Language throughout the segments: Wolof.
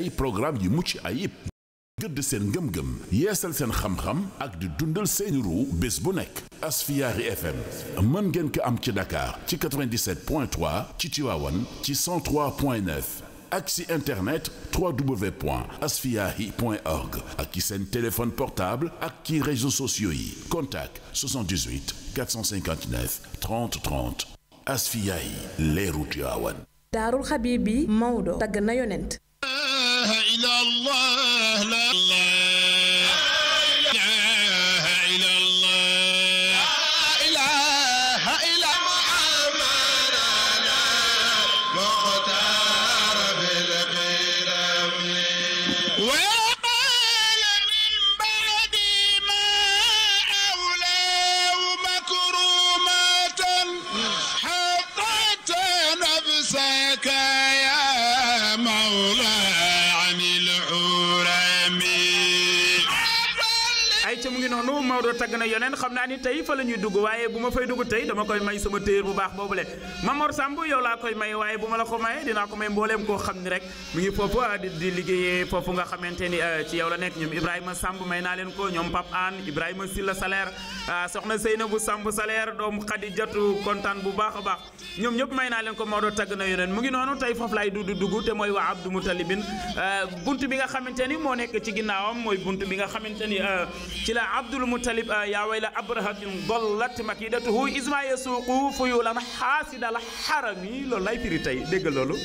ay programme yu mucc ayib gëdd seen ngëm-ngëm yeesal seen xam-xam ak di dundal seen ru bés bu nekk FM mën ngeen ko am ci Dakar ci 97.3 ci t ci 103.9 ak internet www.asfiahi.org ak ci téléphone portable ak ci réseaux sociaux contact 78 459 30 30 Asfiyahi leeru Tivaouane daarul xabiib yonent إلى الله لا الله Pedro tagg na yeneen xam naa ni tey fa la ñuy dugg waaye bu ma fay dugg tey dama koy may sama téer bu baax boobule Mamor Samb yow laa koy may waaye bu ma la ko mayee dinaa ko may mbooleem koo xam ah, eh, la nekk naa leen ko ñoom Pape Anne Ibrahima Silla Salaire ah, soxna Seynabou Samb Salaire doom Khadijatu kontaan bu baax a baax ñoom ñëpp may naa leen ko Maodo tagg na yeneen mu ngi noonu tey foofu laay dudd dugg te mooy waa Abdou Moutalibine eh, bunt bi nga xamante ni moo nekk ci ginnaawam mooy bunt bi nga xamante eh, اقلب يا ويل أبرهة ضلت مكيدته إذ ما يسوق فيولا حاسد الحرم loolu lay firi tey dégg loolu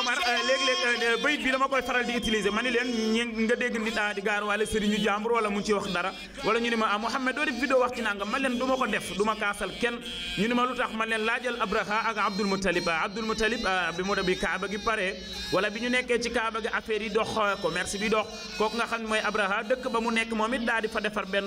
Omar euh, léeg-léeg euh, bayit bi dama koy faral di utiliser ma ni leen nga dégg a di gaar wala sëriñu jàmbur wala mu ci wax dara wala ñu ne ma ah Mouhamed doo def vidéo wax ci nangam man leen du ma def du ma kaasal kenn ñu ne ma lu tax man leen laajal Abraha ak Abdul Muttalib ah, Abdul Muttalib ah, bi mu bi Kaaba gi pare wala bi ñu nekkee ci Kaaba gi affaire yi dox euh, commerce bi dox kooku nga xam mooy Abraha dëkk ba mu nekk moomit it daal di fa defar benn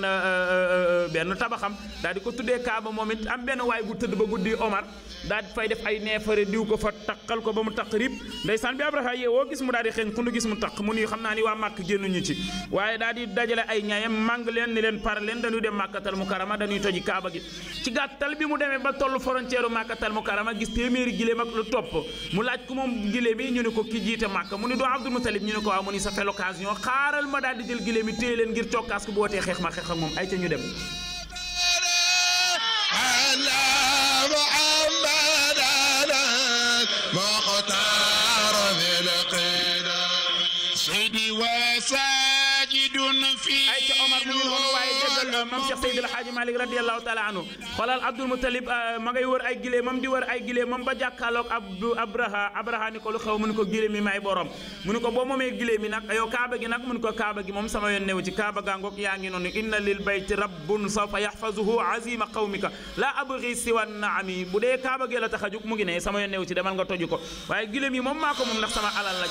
benn tabaxam daal di ko tuddee Kaaba moom it am benn waay bu tëdd ba guddi Omar daal di fay def ay neefare diw ko fa takkal ko ba mu takk rib ndeysaan bi Abraha yeewoo gis mu daal di xeeñ gis mu taq mu ni xam naa ni waa màkk génnuñu ci waaye daal di dajale ay ñaayam màng leen ni leen par leen dañuy dem màkkatal mu karama dañuy toji kaaba gi ci gàttal bi mu demee ba tollu frontière u màkkatal mu karama gis téeméeri giléem ak lu topp mu laaj ku moom giléem yi ñu ne ko ki jiite màkk mu ni doo Abdul Mutalib ñu ne ko waaw mu ni sa fait l'occasion xaaral ma daal di jël giléem yi téye leen ngir cokkaas ko bu wootee xeex ma xeex ak moom ay dem ay ca Omar mu ngi noonu waaye maam la Seydil Hadji Malick radiallahu taala anhu xoolal Abdul Mutalib ah, ma ngay wër ay gilee moom di wër ay gilee moom ba jàkkaarloog Abdu Abraha Abraha ni ko lu xew mu ni ko gilee mi may borom mu ni ko boo moomee gilee mi nag yow kaaba gi nag mu ni ko kaaba gi moom sama yoon newu ci kaaba gàngoog yaa inna lil bayti rabbun sawfa yaxfazuhu azima qawmika la abri siwa naami bu dee kaaba gi la tax a jug mu ngi ne sama nga toju ko waaye gilee mi moom maa sama alal a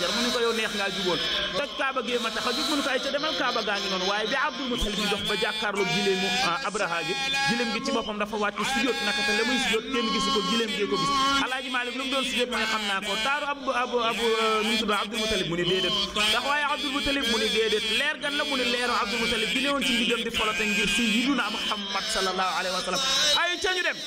gileemu abraha gi gileem gi ci boppam dafa wàcc sujjóot naka te la muy sujjóot kenn gisu ko gileem gee ko gis alaaji Maalik lu mu doon sujjóot mu ne xam naa ko taaru abu abu abu euh, nu mu tudd Abdul Mutalib mu ne déedéet ndax waaye Abdul Mutalib mu ne déedéet leer gan la mu ne leeru Abdul Mutalib gi newoon ci ndiggam di folote ngir sayyiduna Muhammad sallallahu alayhi wa sallam ay ca ñu dem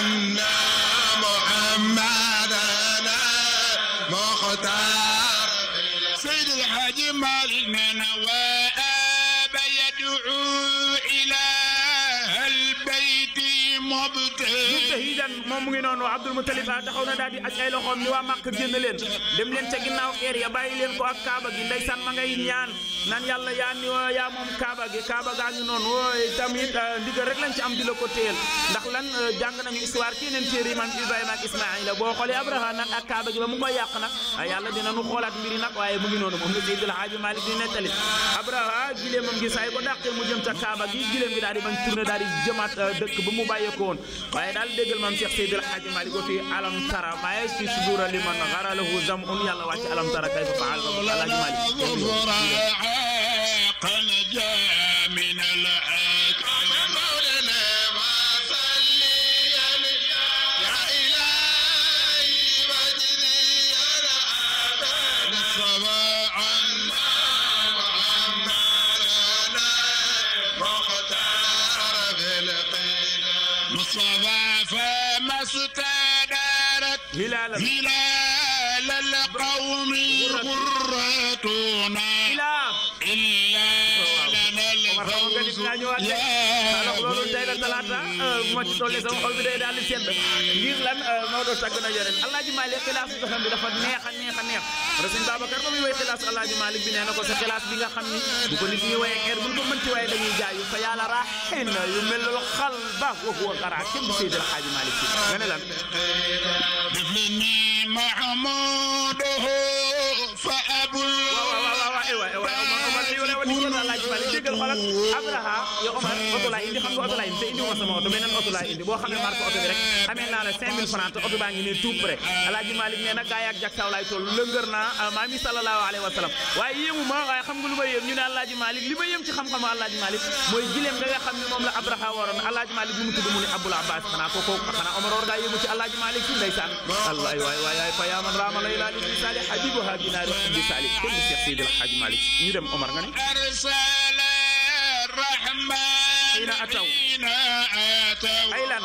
عنا محمد مختار سيد الحاج مالك نواب يدعو إلى mubtahidan moom mu ngi noonu abdul mutalib taxaw na daal di aj ay loxoom ni waa màkk génn leen dem leen ca ginnaaw xeer ya bàyyi leen ko ak kaaba gi ma ngay ñaan nan ya ni ya kaaba gi kaaba ngi tamit eh, ndigal rek lañ ci am di la ko téyel ndax lan eh, jàng nañu histoire ci yeneen téere man ibrahima ak ismaila boo xoolee abraha nag ak kaaba gi ba mu koy yàq nag ah, yàlla dina nu xoolaat mbiri nag waaye mu ngi noonu moom malik di gi ko mu jëm ca kaaba gi bañ eh, mu كون واي دال ديغل سيد الحاج مالك في علم ترى ما يسي صدور لمن غرله زم ان يلا واتي علم ترى كيف فعل الله الحاج هلال القوم غرة ngaa ñëwaat rek alors loolu day la talaata euh, bu ma ci tollee sama xol bi day daal di sedd ngir lan euh, Maodo tàgg na yoneen alaaji Malick xilaas bi nga xam ne dafa neex a neex a neex Sëñ Babacar ba muy way xilaas alaaji Malick bi nee na ko sa xilaas bi nga xam ni bu ko nit ñi waye xeer bu ko mënti waaye dañuy jaayu fa yàlla raaxina yu melul xal baax waxu wa xaraa kenn du Seydi alaaji Malick si nga ne lan def leen ni Mahamadou déggal xoolal Abraha yow Omar oto laay indi xam nga oto laay indi te indi ma sama oto beneen oto laay indi boo xam ne marque oto bi rek amee naa la 5000 francs te oto baa ngi nii tout près Alaaji Malick nee na gaa yaak jak taw laay toll lëngër naa maa mi sallallahu alayhi wa sallam waaye yéemu ma waaye xam nga lu ma yéem ñu ne Alaaji Malick li ma yéem ci xam-xamu Alaaji Malick mooy gileem nga nga xam ne moom la Abraha waroon Alaaji Malick bi mu tudd mu ne Abul Abbas xanaa kooku xanaa Omar war ngaa yéemu ci Alaaji Malick ci ndeysaan wallaay waay waay waay fa yaa man raama lay laa li misaali habibuha binaari bi saali kenn Cheikh Seydil Hadji Malick ñu dem Omar nga ne الرحمن حين أتوا حين أتوا طيرا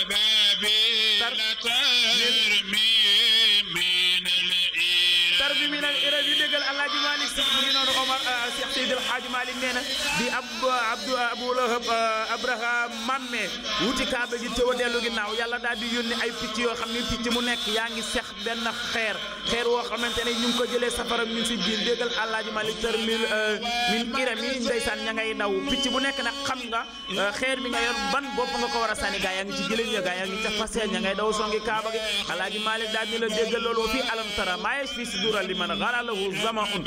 أبابيل ndigal Alaaji Malick si mu ngi noonu Omar euh, Cheikh Seydi El Hadji Malick di ab Abdou euh, mamme wuti kaaba gi tëw a dellu ginnaaw yàlla daal di yónni ay picc yoo xam ne picc mu nekk yaa ngi sex benn xeer xeer woo xamante ne ñu ngi ko jëlee safara min si biir déggal Alaaji Malick tër mil euh, mil irami ndeysaan ña ngay daw picc bu nekk nag xam nga xeer bi nga yor ban bopp nga ko war a sànni gaa yaa ngi ci jëlee ya gaa yaa ngi ca fase ña ngay daw songi kaaba gi Alaaji Malick daal di la déggal loolu fii alam tara maaye fii si zamaun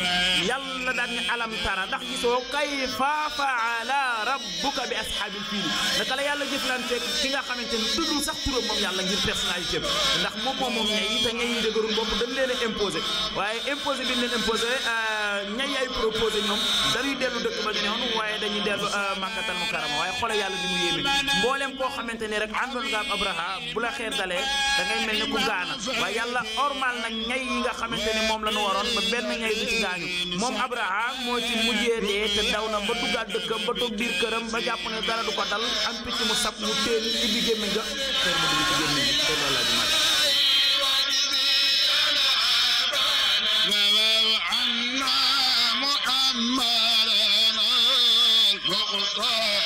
yalla dan alam tara ndax gisoo kayfa faala rabbuka bi ashabil fil naka la yalla jëflante ki nga xamanteni tuddu sax turam mom yalla ngir personnalité ndax mom mom mom ñay te ñay dëgërul bop dañ leena imposer waye imposer bi leen imposer ñay ay proposer ñom dañuy delu dëkk ba ñu neewon waye dañuy delu makkatal mukarrama waye xolé yalla ni mu yéme mbolem ko xamanteni rek andon nga abraha bu la xeer dalé da ngay melni ku gaana waye yalla normal nak ñay yi nga xamanteni mom lañu waron ba benn ñay nekk ci gaañu moom Abraham moo ci mujjee dee te daw ba duggaat dëkkam ba toog këram ba jàpp ne du ko dal am picc mu sab mu téen ibbi gémmiñ nga xeer ma dugg ci gémmiñ bi te loolu laa di màgg Oh,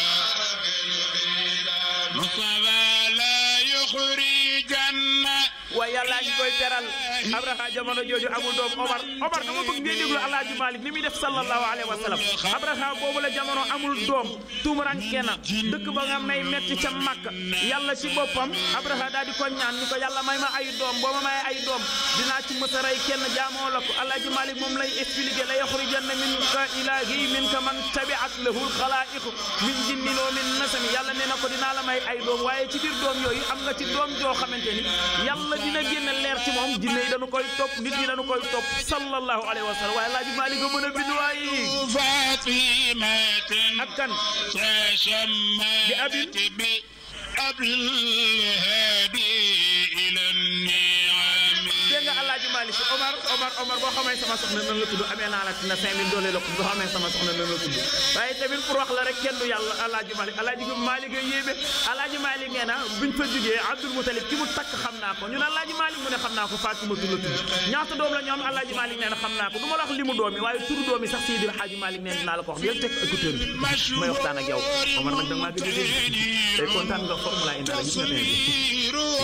koy teral Abraha jamono jooju amul doom Omar Omar dama bëgg ngay déglu Alaaji Maalik ni muy def sallallahu alayhi wa sallam Abraha boobu la jamono amul doom tuumuranke na dëkk ba nga may metti ca Makka yàlla ci boppam Abraha daal di ko ñaan ni ko yàlla may ma ay doom boo ma may ay doom dinaa ci mës a rey kenn jaamoo la ko Alaaji Maalik moom lay expliqué la yaxrijanna minka ilaahi minka man tabiat lahul xalaa'iqu min jinnin wa min nasami yàlla nee ko dinaa la may ay doom waaye ci biir doom yooyu am nga ci doom joo xamante yàlla dina génn leer ci moom jinne yi dañu koy topp nit ñi dañu koy topp sallallahu alayhi wa sallam waaye laaji Maalik a mën a bind waaye ak kan bi abin jaarale si Omar Omar Omar boo xamee sama soxna nan la tudd amee naa la tina 5000 doole la ko boo xamee sama soxna nan la tudd waaye tamit pour wax la rek kenn du yàlla alaaji Malick alaaji Malick ngay yéeme alaaji Malick nee na buñ fa jugee Abdul Mutalib ki mu takk xam naa ko ñu ne alaaji Malick mu ne xam naa ko Faatumatu la tudd ñaata doom la ñoom alaaji Malick nee na xam naa ko du ma la wax limu doom yi waaye turu doom yi sax Seydil Haaji Malick nee naa la ko wax del teg écouteur bi may waxtaan ak yow Omar nag da maa gën a dégg tey kontaan nga formula indaale gis nga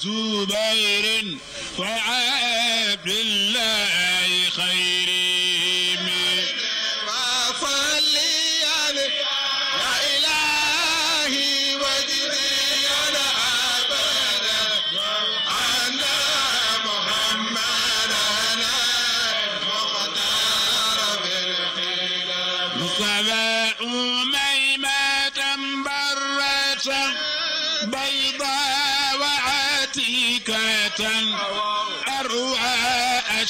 زبير وعبد الله خير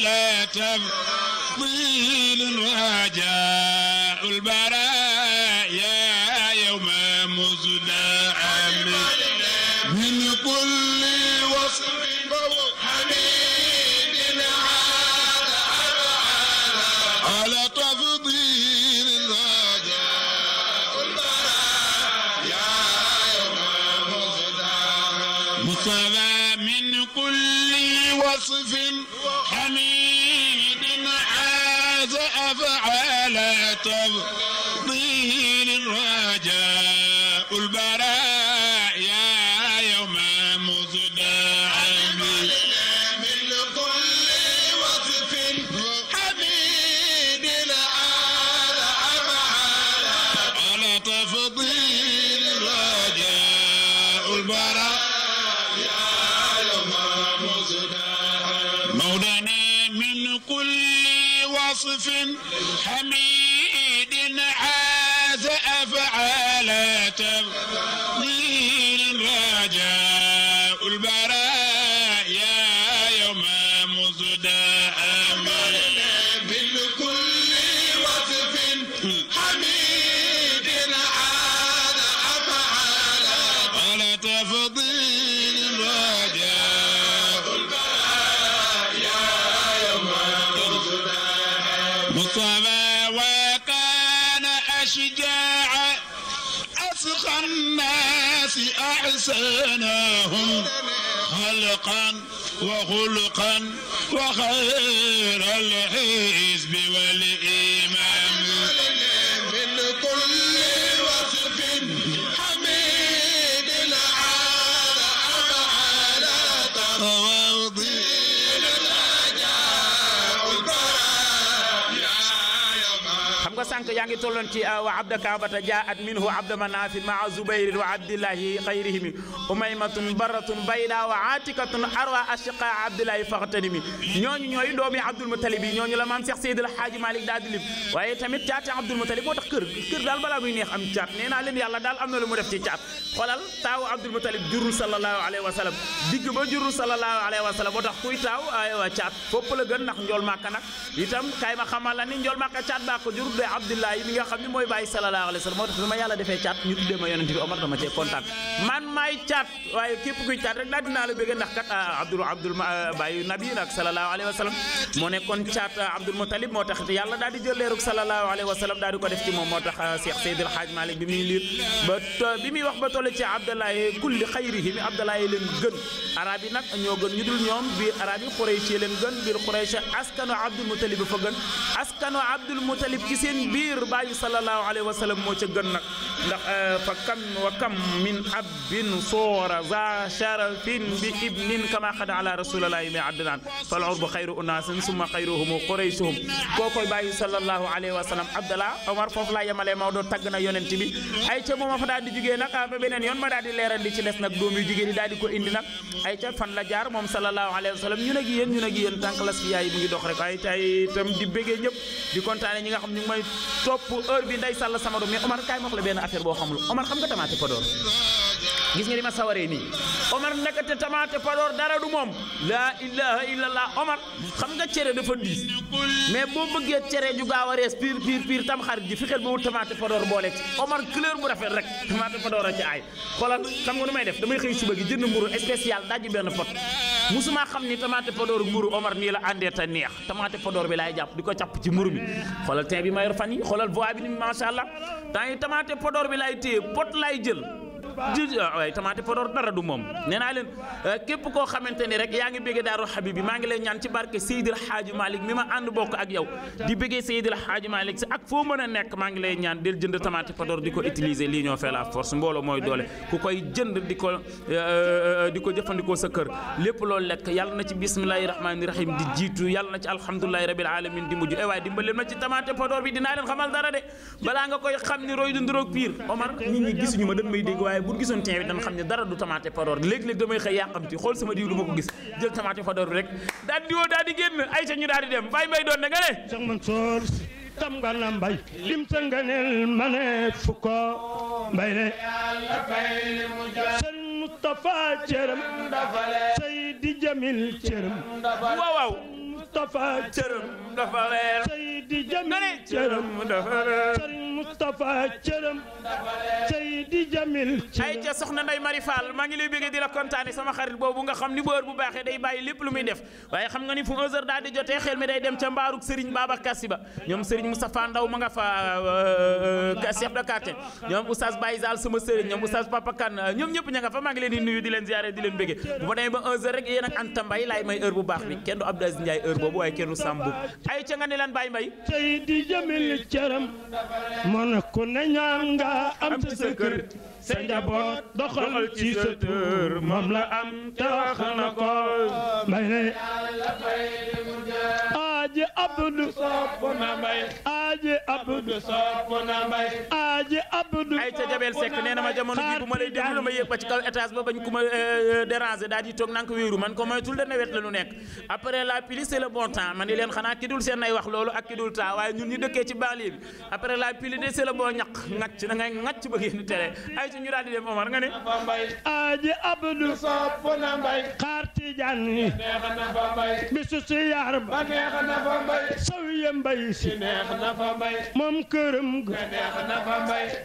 ولا تفضيل رجاء البرايا يوم مزنا من كل وصف حميد على تفضيل رجاء البرايا يوم مزنا مصطفى من كل وصف تفضيه للرجاء البراء يا يوم من كل وصف على البراء يا يوم مزدع مولانا من كل وصف حميد ماذا أفعال تبديل ما جاء أحسنهم خلقا وخلقا وخير الحزب والإمام ko sànq yaa ngi tolloon ci wa abda kaabata jaat minhu abda manafin maa zubayrin wa abdillahi xayrihimi umaymatun baratun bayda wa atikatun arwa ashiqa abdillahi faxtanimi ñooñu ñooy doomi abdul mutalib yi ñooñu la maam Cheikh Seydil Haaji Malick daal di lim waaye tamit caati abdul mutalib moo tax kër kër daal balaa muy neex am caat nee naa leen yàlla daal am lu mu def ci caat xoolal taawu abdul mutalib jurul sallallahu alayhi wa digg ba jurul sallallahu alayhi wa sallam moo tax kuy taaw caat fopp la gën ndax njool màkka nag itam kaay xamal la ni njool màkka caat baa ko jur abdullah yi mi nga xam ne mooy bàyyi sallallahu alayhi wa sallam moo tax bi ma yàlla defee caat ñu tuddee ma yonent bi omar dama cee kontaan man maay caat waaye képp kuy caat rek daal dinaa la bëgg ndax kat abdul abdul bàyyi nabi nag sallallahu alayhi wa sallam moo nekkoon caat abdul mutalib moo tax yàlla daal di jël leerug sallallahu alayhi wa sallam daal di ko def ci moom moo tax cheikh seydil haaj malik bi muy liir ba bi muy wax ba toll ci abdalaye kulli xayrihi mi abdalaye leen gën arab yi nag ñoo gën ñu dul ñoom biir arab yi xuraysh leen gën biir xuraysh askano abdul mutalib fa gën askano abdul mutalib ci seen biir bàyyi sallallahu alayhi wa sallam moo ca gën nag ndax euh, fa kam wa kam min abdin soora za sharafin bi ibnin kama xada ala rasulillahi mi adnaan fal urbu xayru unaasin summa xayruhum quraysuhum koo koy bàyyi sallallahu alayhi wa sallam omar foofu laa yemale Maodo tagg na yonent bi ay ca mooma fa daal di jugee nag ah, ba beneen yoon ma daal di leeral li ci des nag doom yu jigéen yi daal di ko indi nag ay ca fan la jaar moom sallallahu alayhi wa sallam ñu ne gi yéen ñu ne gi yéen tànk las topp heure bi nday sàll sama doom mais Omar kaay ma wax la benn affaire boo xamul Omar xam nga tamaate Podor. gis nga ni ma sawaree nii Omar ndakate tamaate Podor dara du moom laa ilaha illallah Omar xam nga cere dafa diis mais boo bëggee cere ju gaaw a rees piir piir piir tam xarit ji fexeel boobu tamaate Podor boole ci Omar couleur bu rafet rek tamaate Podor a ci aay xoolal xam nga nu may def damay xëy suba gi jënd mburu spécial dajji benn pot musuma xam ni tamaate Podor mburu Omar nii la àndee te neex tamaate Podor bi laay jàpp di ko càpp ci mburu bi xoolal tey bi ma yor fan yi xoolal voix bi ni macha allah temps bi laay téye laay jël ji ah, waaye tamaate Podor dara du moom nee naa leen eh, képp koo xamante ni rek yaa ngi bëggee Daaru Habib bi maa ngi lay ñaan ci barke Seydil Hadji Malick mi ma ànd bokk ak yow di bëggee Seydil Hadji Malick si ak foo mën a nekk maa ngi lay ñaan del jënd tamaate Podor di ko utiliser lii ñoo fee la force mbooloo mooy doole ku koy jënd di ko eh, eh, jëfandikoo sa lépp loolu lekk yàlla na ci bismillahi di jiitu yàlla na ci alhamdulilahi rabil alamin di mujj bi waaye bu gisoon tien bi dañ xam ne dara du tamaate Podor léeg-léeg damay xëy yàqamti xool sama diw du ma ko gis jël tamaate Podor bi rek daal di woo daal di génn ay ca ñu dem Baye Mbaye doon ne Cheikh Mansour tam nga la mbay lim sa nganeel ma ne fukko mbay ne Serigne Moustapha cërëm Seydi Jamil cërëm waaw Moustapha cërëm dafa leer Seydi Jamil cërëm dafa leer Sëriñ Moustapha cërëm Seydi Jamil ay ca soxna Ndey Mari Fall lay bëggee di la sama xarit boobu nga xam ni bu heure bu baaxee day lépp lu muy def waaye xam nga ni fu 11h daal di jotee xel mi day dem ca mbaaruk Sëriñ Babacar Sy ba ñoom Sëriñ Moustapha Ndaw ma nga fa euh, euh, chef de quartier ñoom Oustaz Baye Zal sama sëriñ ñoom Oustaz Papa ñoom ñëpp ña nga fa maa ngi leen di nuyu di leen ziyaare di leen bëggee bu ma demee ba 11 rek yéen ak Anta Mbaye laay may heure bu baax bi kenn du Abdou Aziz Ndiaye heure boobu waaye kenn sàmm ay ca nga ne lan Baye Mbaye tey di jëmil caram moo ne ku ne ñaan nga am ci sa sa njaboot doxal ci sa tur moom la am te wax na ko may ne aaji abdu sopp na mbay aaji abdu sopp na mbay aaji abdu ay ca jabel sekk nee na ma jamono bi bu ma lay déglu ma yéeg ba ci kaw étage ba bañ ko ma euh, euh, déranger daal di toog nank wéeru man ko moytul de nawet la nu nekk après la pluie c'est le bon temps ma ni leen xanaa ki dul seen ay wax loolu ak ki dul temps waaye ñun ñu dëkkee ci banlieue bi après la pluie de c'est le bon ñaq ngacc da ngay ngacc ba génn tere ay ci ñu daal di dem Omar nga ne aji abdu sopp na mbay xaar tijaan yi bisu si yaar ba saw ya mbay si moom këram ga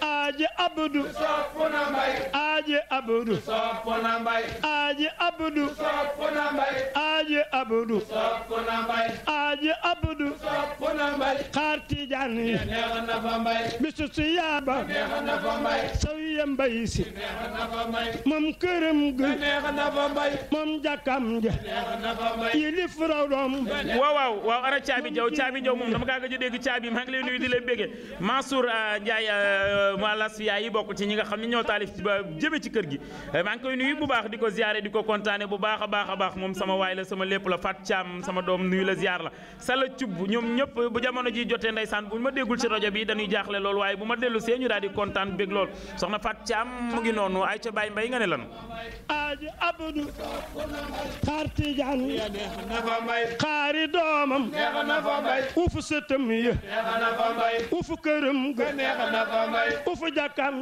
aji abdu sopp na mbay aji abdu sopp na mbay aji abdu sopp na mbay aji abdu sopp na mbay aji abdu sopp na mbay xaar tijaan yi bisu si yaar ba saw ya mbay si moom këram ga moom jàkkam ja yilif raw doom waaw waaw waaw ara caabi jaw caabi jaw moom dama kaa gëj a dégg caabi maa ngi lay nuyu di leen béggee Mansour euh, Ndiaye euh, maa las yaay yi bokk ci ñi nga xam ne ñoo taalif ba jëme ci kër gi euh, maa ngi koy nuyu bu baax di ko ziare di ko kontaane bu baax a baax a baax moom sama waay la sama lépp la Fat Thiam sama doom nuyu la ziar la sala cub ñoom ñëpp bu jamono ji jotee saan bu ma déggul ci rajo bi dañuy jaaxle loolu waaye bu ma dellu see ñu daal kontaan bég lool Thiam mu ngi noonu ay ca Baye Mbaye nga ne lan aaji abdu xaar tijaan xaari doomam ufu sëtam ya ufu këram ga ufu jàkkam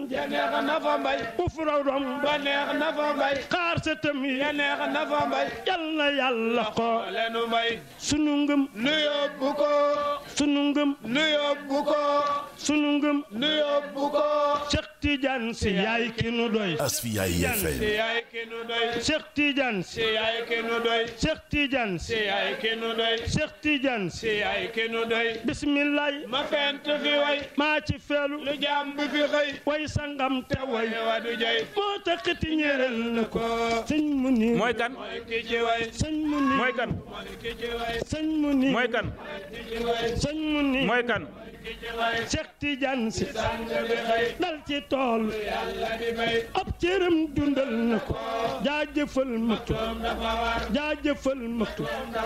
ufu rawdom xaar sëtam ya yal na yàlla ko sunu ngëm nu yóbbu ko sunu ngëm nu yóbbu ko sunu ngëm nu yóbbu ko Cheikh Tidiane yaay ki nu doy Asfiyahi FM si yaay ki nu doy Cheikh ma fent fi way maa ci feelu lu jaam bi fi xëy way sangam te way wadu jay moo taxiti na ko sëñ mu ni mooy kan sëñ mu ni mooy kan sëñ mu ni dal ci tool ab cëram dundal na ko jaajëfal maktu jaajëfal maktu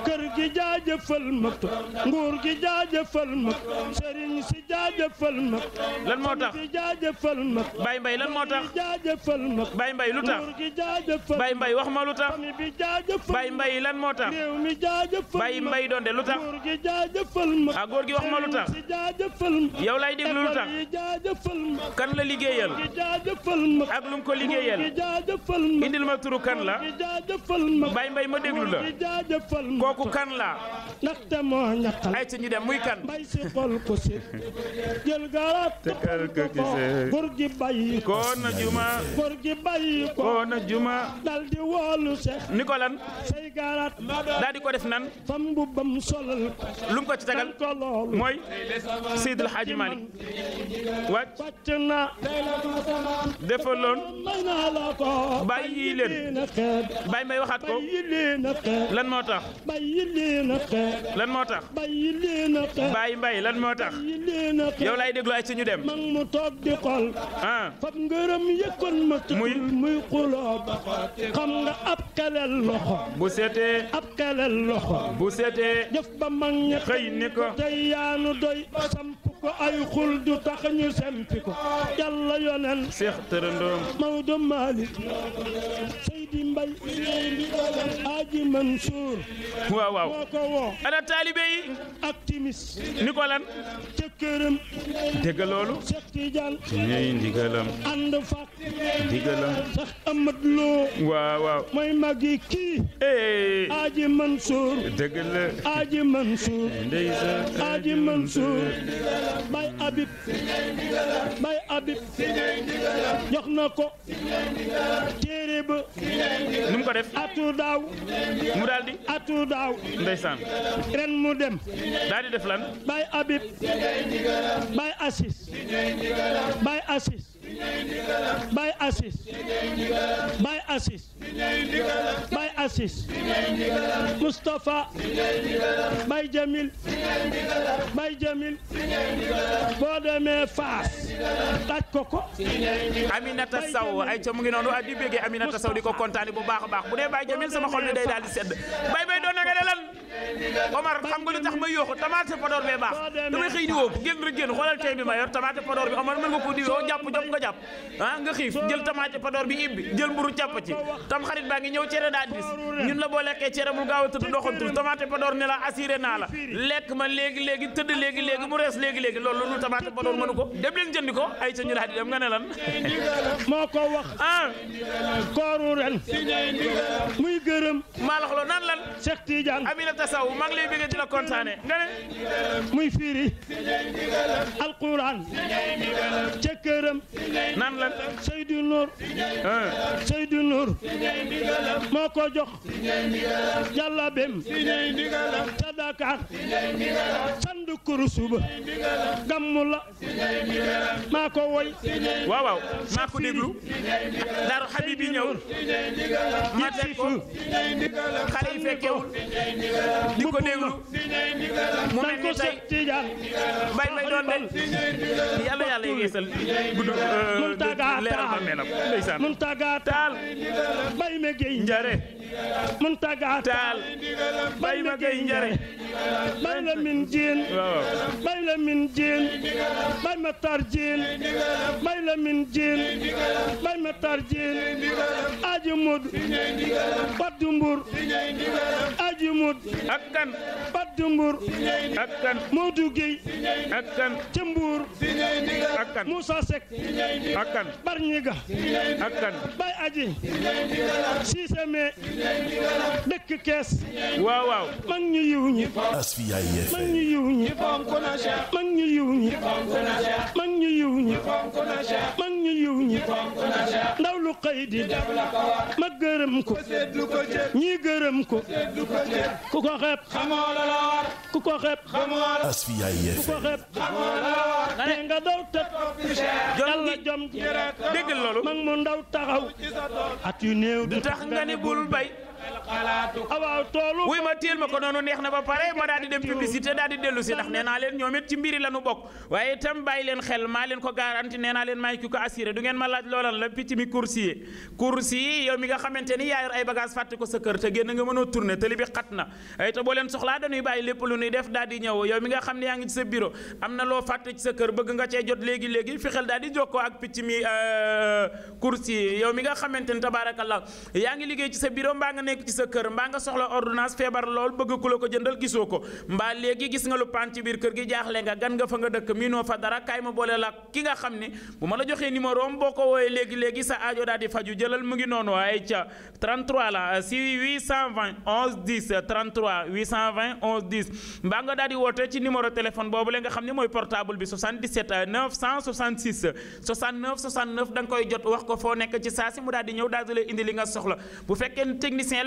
kër gi jaajëfal maktu nguur gi jaajëfal maktu sëriñ si jaajëfal maktu lan moo tax jaajëfal maktu bay mbay lan moo tax jaajëfal maktu bay lu tax bay mbay wax ma lu tax bay mbay lan moo tax bay mbay doon de lu tax ah góor gi wax ma lu tax yow lay déglu lu tax kan la liggéeyal ak lu mu ko liggéeyal indil ma turu kan la mbay mbay ma déglu la kooku kan la ay ci ñu dem muy kan góor gi bay ko na juma góor gi bay ko na juma dal di woolu ko lan say gaaraat daal di ko def nan fam bu bam solal lu mu ko ci tagal mooy Seydil Hadji Malick wàcc na defaloon bàyyi leen bàyyi may waxaat ko lan moo tax lan moo tax bàyyi mbay lan moo tax yow laay déglu ay ci ñu dem mu ah muy xam nga ab kalel loxo bu seetee ab kalel loxo bu seetee jëf ba mag ña xëy ni ko tey yaanu doy samp ko ay xuldu tax ñu sempi ko yàlla yonen Cheikh tërëndoom Maodo Malick Seydi Mbay Aji Mansour waaw waaw moo ko woo ana taalibe ak timis ni ko lan jëkkëram dégg loolu Cheikh Tidiane ñooy ndigalam ànd fa ndigalam sax Amad waaw waaw mooy magi kii Aji Mansour dégg la Aji Mansour Aji Mansour may Habib jox na ko téere ba nu mu ko def atu daaw mu daal atu daaw ndeysaan ren mu dem daal def lan bay Habib bay Assis bay assis bay assis bay assis Moustapha bay Jamil bay Jamil boo demee Faas laaj ko ko Aminata Sow ay ca mu ngi noonu di ko kontaane bu baax a baax bu dee bay Jamil sama xol bi day daal di sedd bay bay doon na nga ne Omar xam nga tax ma yooxu tamaate Podor bee baax damay xëy di woo génn rek génn xoolal bi ma tamaate Podor bi Omar mën nga ko diwoo jàpp jom nga jàpp càpp ah nga xiif jël tamaate padoor bi ibbi jël mburu càpp ci tam xarit baa ngi ñëw cere daa dis ñun la boo lekkee cere mu gaaw a tëdd doxantu tamaate padoor ne la assuré naa la lekk ma léegi léegi tëdd léegi léegi mu rees léegi léegi loolu lu tamaate padoor mënu ko dem leen ko ay sa ñu daa di dem nga ne lan moo ko wax ah kooru ren muy gërëm maa la xoloo naan lan Cheikh Tidiane Aminata Sow maa mag lay bëgg di la kontaane nga ne muy fiiri alquran ca këram nan lan Seydou Nour Seydou Nour moo ko jox jàllabem ca Dakar sand kurusu ba gàmmu la maa ko woy waaw waaw maa ko déglu Daaru Habib yi ñëw ma teg ko xale yi fekkewul di ko déglu mu mel ni tey bay doon de yàlla yàlla yeesal gudd euh, muntaga taal muntaga taal bay me njare Muntaga Taal bay ma gay njare bay la min bay la min bay ma tar jiin bay la min bay ma tar jiin aji mud baddu mbur aji mud ak kan baddu mbur ak kan Gey ak ci mbuur ak kan Moussa Seck ak kan bay aji Siise me dëkk kees waaw waaw mag ñi yiw ñi mag ñu yiw ñi mag ñi yiw ñi ndaw lu xëy di def gërëm ko ñi gërëm ko ku ko xeeb xamoo la la war ku ko xeeb xamoo la Asfiyahi ku ko xeeb xamoo la la war te nga daw tëb yàlla jom ji déggal loolu mag mu ndaw taxaw at yu néew du tax nga ni bul bay awaaw toolu wuy ma téel ma ko noonu neex na ba pare ma daal di dem publicité daal di dellu si ndax nee naa leen ñoom it ci mbiri la nu bokk waaye itam bàyyi leen xel maa leen ko garanti nee naa leen maay ki ko assuré du ngeen ma laaj loolan la picc mi coursier coursier yow mi nga xamante ni yaa yor ay bagage fàtte ko sa kër te génn nga mënoo tourné tali bi xat na ay te boo leen soxlaa dañuy bàyyi lépp lu nuy def daal di ñëw yow mi nga xam ne yaa ngi ci sa bureau am na loo fàtte ci sa kër bëgg nga cee jot léegi léegi fexeel daal di jokkoo ak picc mi coursier yow mi nga xamante ni tabaarakallah yaa ngi liggéey ci sa bureau mbaa nga nekk nekk ci sa kër mba nga soxla ordonnance febar lol bëgg ku la ko jëndal gisoko mba legi gis nga lu pan ci bir kër gi jaaxle nga gan nga fa nga dëkk mino fa dara kay ma bolé la ki nga xamni bu ma la joxé numéro am boo ko legi sa aajo da di faju jëlal mu ngi non way ca 33 la si 820 10 33 820 11 10 nga daal di ci numéro téléphone bobu le nga xamni moy portable bi 77 966 69 69 dang koy jot wax ko fo nekk ci saa mu daal di ñëw daal di lay indi li nga soxla bu fekkene technicien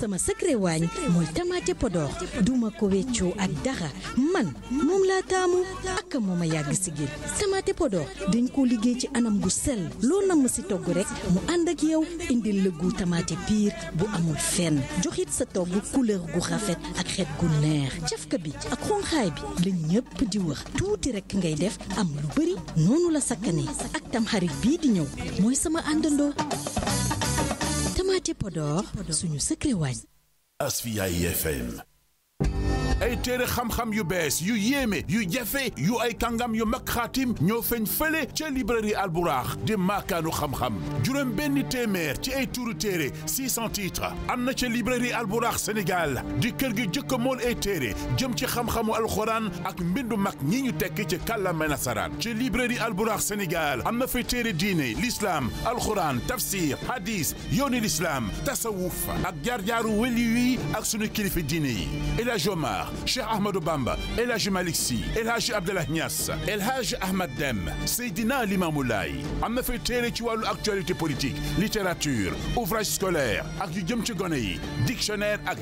sama secret waañ mooy tamaate Podor duma ko weccoo ak dara man moom laa taamu ak moom a yàgg si géej tamaate Podor dañ koo liggéey ci anam gu sell loo namm si togg rek mu ànd ak yow indil la gu tamaate piir bu amul fenn joxit sa togg couleur gu rafet ak xet gu neex cafka bi ak xonxaay bi la ñëpp di wax tuuti rek ngay def am lu bëri noonu la sakkane ak tam bii di ñëw mooy sama àndandoo Tomate Podor suñu secret wañ Asfiyahi FM ay téere xam-xam yu bees yu yéeme yu jafe yu ay kàngam yu mag xaatim ñoo feeñ fële ca librairie alburaax di maakaanu xam-xam juróom benn téeméer ci ay tuuru téere 600 titres am na ca librairie alburaax Sénégal di kër gi jëkk mool ay téere jëm ci xam-xamu alxuraan ak mbindu mag ñi ñu ci nasaraan ci librairie alburaax Sénégal am na fay téere diine l'islam alxuraan tafsir hadis Yoni l'islam tasawuf ak jaar-jaaru wëli wi ak sunu kilifa diine yi chez Cheikh Ahmadou Bamba, El Hadji Malick El Hadji Abdallah El Hadji Ahmad Dem, Seydina Limamoulay. Amna Télé actualité politique littérature ouvrage scolaire ak yu dictionnaire ak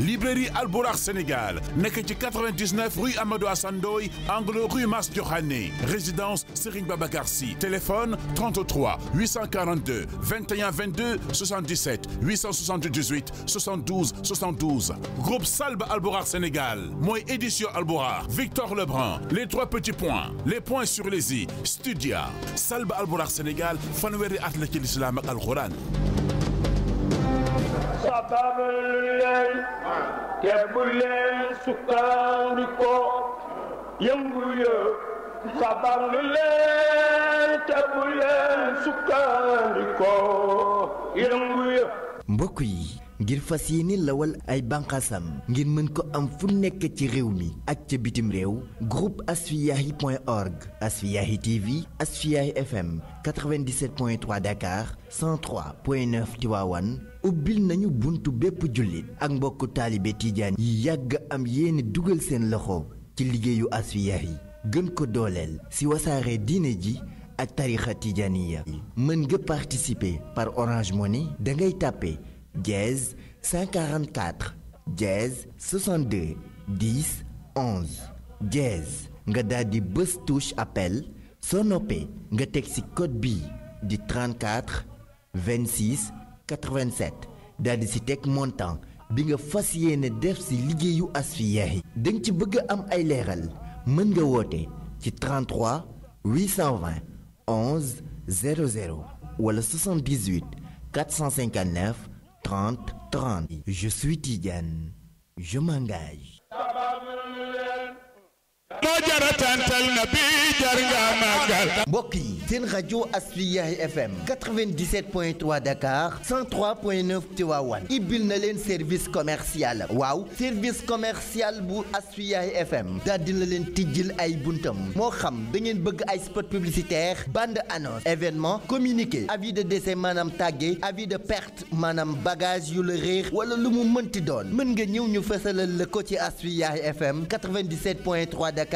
librairie Alborar Sénégal Neketi 99 rue Amadou Assandoy, angle rue Mas Diokhane résidence Serigne Babacar Sy téléphone 33 842 21 22 77 878 72 72 groupe Salba Alborar Sénégal moi édition Alborar Victor Lebrun les trois petits points les points sur les i Studia Salba Alborar Sénégal fanweeri at la al-quran. Al ngir fas ni lawal ay bànqaasam ngir mën ko am fu nekk ci réew mi ak ca bitim réew groupe asfiyahi point org asfiyahi tv asfiyahi fm 97 point 3 dakar 103 point 9 tiwaawan ubbil nañu buntu bépp jullit ak mbokku taalibe tijaan yi yàgg am yéene dugal seen loxo ci liggéeyu asfiyahi gën ko dooleel si wasaare diine ji ak tarixa tijaaniya mën nga participer par orange money dangay tàppe 10 144 10 62 10 11 10 nga daal touche appel sonopé nga code bi 34 26 87 daal si montant bi nga fas def si liggéeyu Asfiyahi da ci bëgg am ay leeral mën nga 33 820 11 00 wala 78 459 30 30. Je suis Tidiane. Je m'engage. Boki, c'est une radio bi FM 97.3 Dakar 103.9 Tivaouane Ibil na len service commercial Wow, service commercial pour Asfiyahi FM daal dina leen tijjil ay buntam moo xam ay spot publicitaire bande annonce événement communiqué avis de décès Madame Tagué, avis de perte Madame bagage yu le réer wala lu mu mënti le mën nga ñëw ñu FM 97.3 Dakar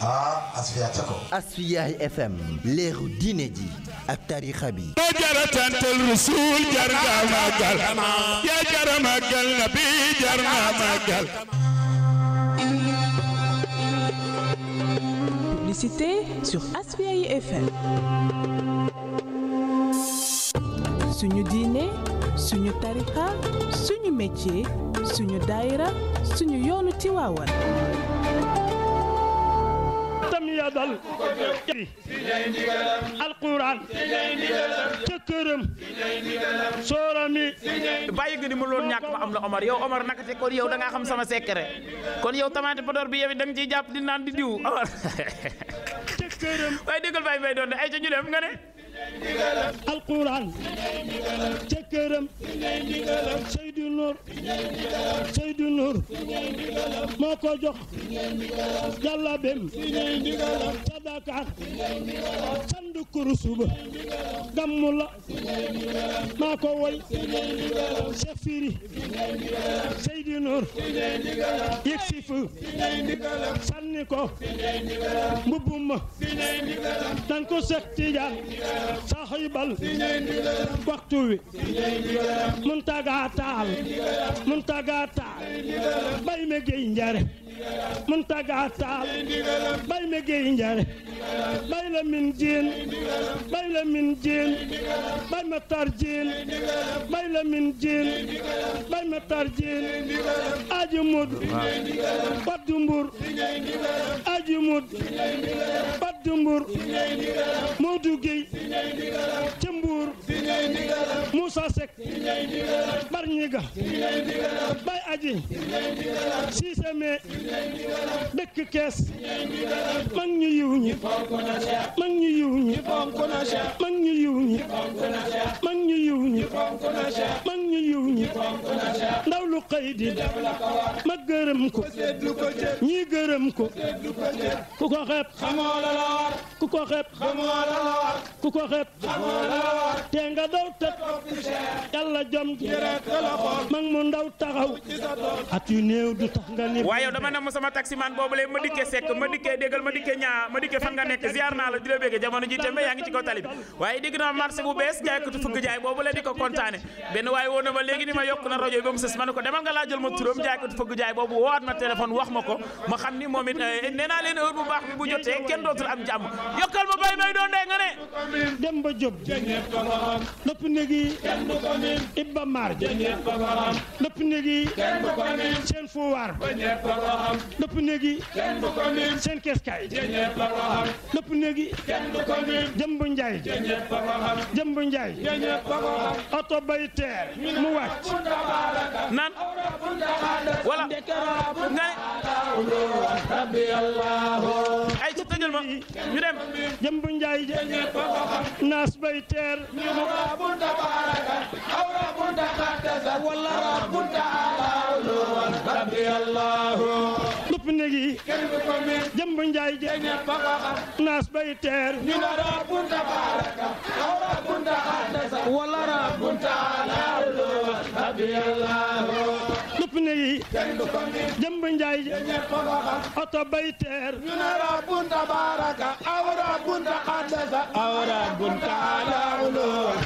ah Asfiya FM. leeru diine ji ak tarixa bi. ya jara tantal Rasul jar nga màggal. yaa jara màggal nabi jar nga màggal. Publicité sur Asfiya FM. suñu diine suñu tarixa suñu métier suñu daayira suñu yoonu Tiwaawan. tam yadal alquran ca këram soorami bàyyi nga ni mu loon ñàkk ba am la Omar yow Omar naka kon yow da ngaa xam sama secret kon yow tamaate Podor bi yow da ci ciy jàpp di naan di diw Omar ca këram waaye déggal doon de ay ca ñu dem nga ne alquran ca Nour Seydou Nour moo ko jox jàllabem ca Dakar sandu kurusu ba gammu maa ko woy Cheikh Firi Seydou fu sànni ko mbubbum ma dan waxtu wi Muntaga Taal Muntaga Taal bay me géy njare Muntaga Saal bay me géey njare bay la min jiin bay la min jiin bay ma tar jiin bay la min jiin bay ma tar jiin aji mud baddu mbur aji mud baddu mbur Moodu Géey ci mbuur Moussa Seck bay aji Siise me dëkk kees mag ñu yiw ñi yiw ñi ndaw lu xëy di ma gërëm ko ñii gërëm ko ku ko xeeb xamoo la la war ku ko xeeb xamoo la la war mag mu ndaw taxaw at yu néew du tax nga ni na ma sama taximaan boobu lay ma dikkee sekk ma dikkee déggal ma dikkee ñaa ma dikkee fan nga nekk ziar naa la di la bégge jamono ji tembe yaa ngi ci kaw tali bi waaye dégg naa marché bu bees jaaykatu fukk jaay boobu la di kontaane benn waaye woo ma léegi ni ma yokk na rajo bi ba mu sës ma ko demal nga laa jël ma turam jaaykatu fukk jaay boobu woowaat ma téléphone wax ma ko ma xam ni moom it euh, nee leen heure bu baax bi bu jotee kenn dootul am jàmm xam dëpp néegi kenn ko miin seen kees kaay ko xam jëmb njaay jëmb ko xam oto bay teer mu wàcc nan wala ngay rabbi allahu ay ci tëjal ma ñu jëmb njaay ñëpp ko naas bay teer mu rabbun rabbi allahu lupp nigi kenn ko min jëmb njaay je ne baka nas bay teer ñu na rabbun tabaraka aw rabbun ta'ala wala rabbun ta'ala rabbi allahu ne yi kenn du ko nit jëmb njaay oto bay teer ñu ne rabbunta baraka aw rabbunta qaddasa aw rabbunta ala ulul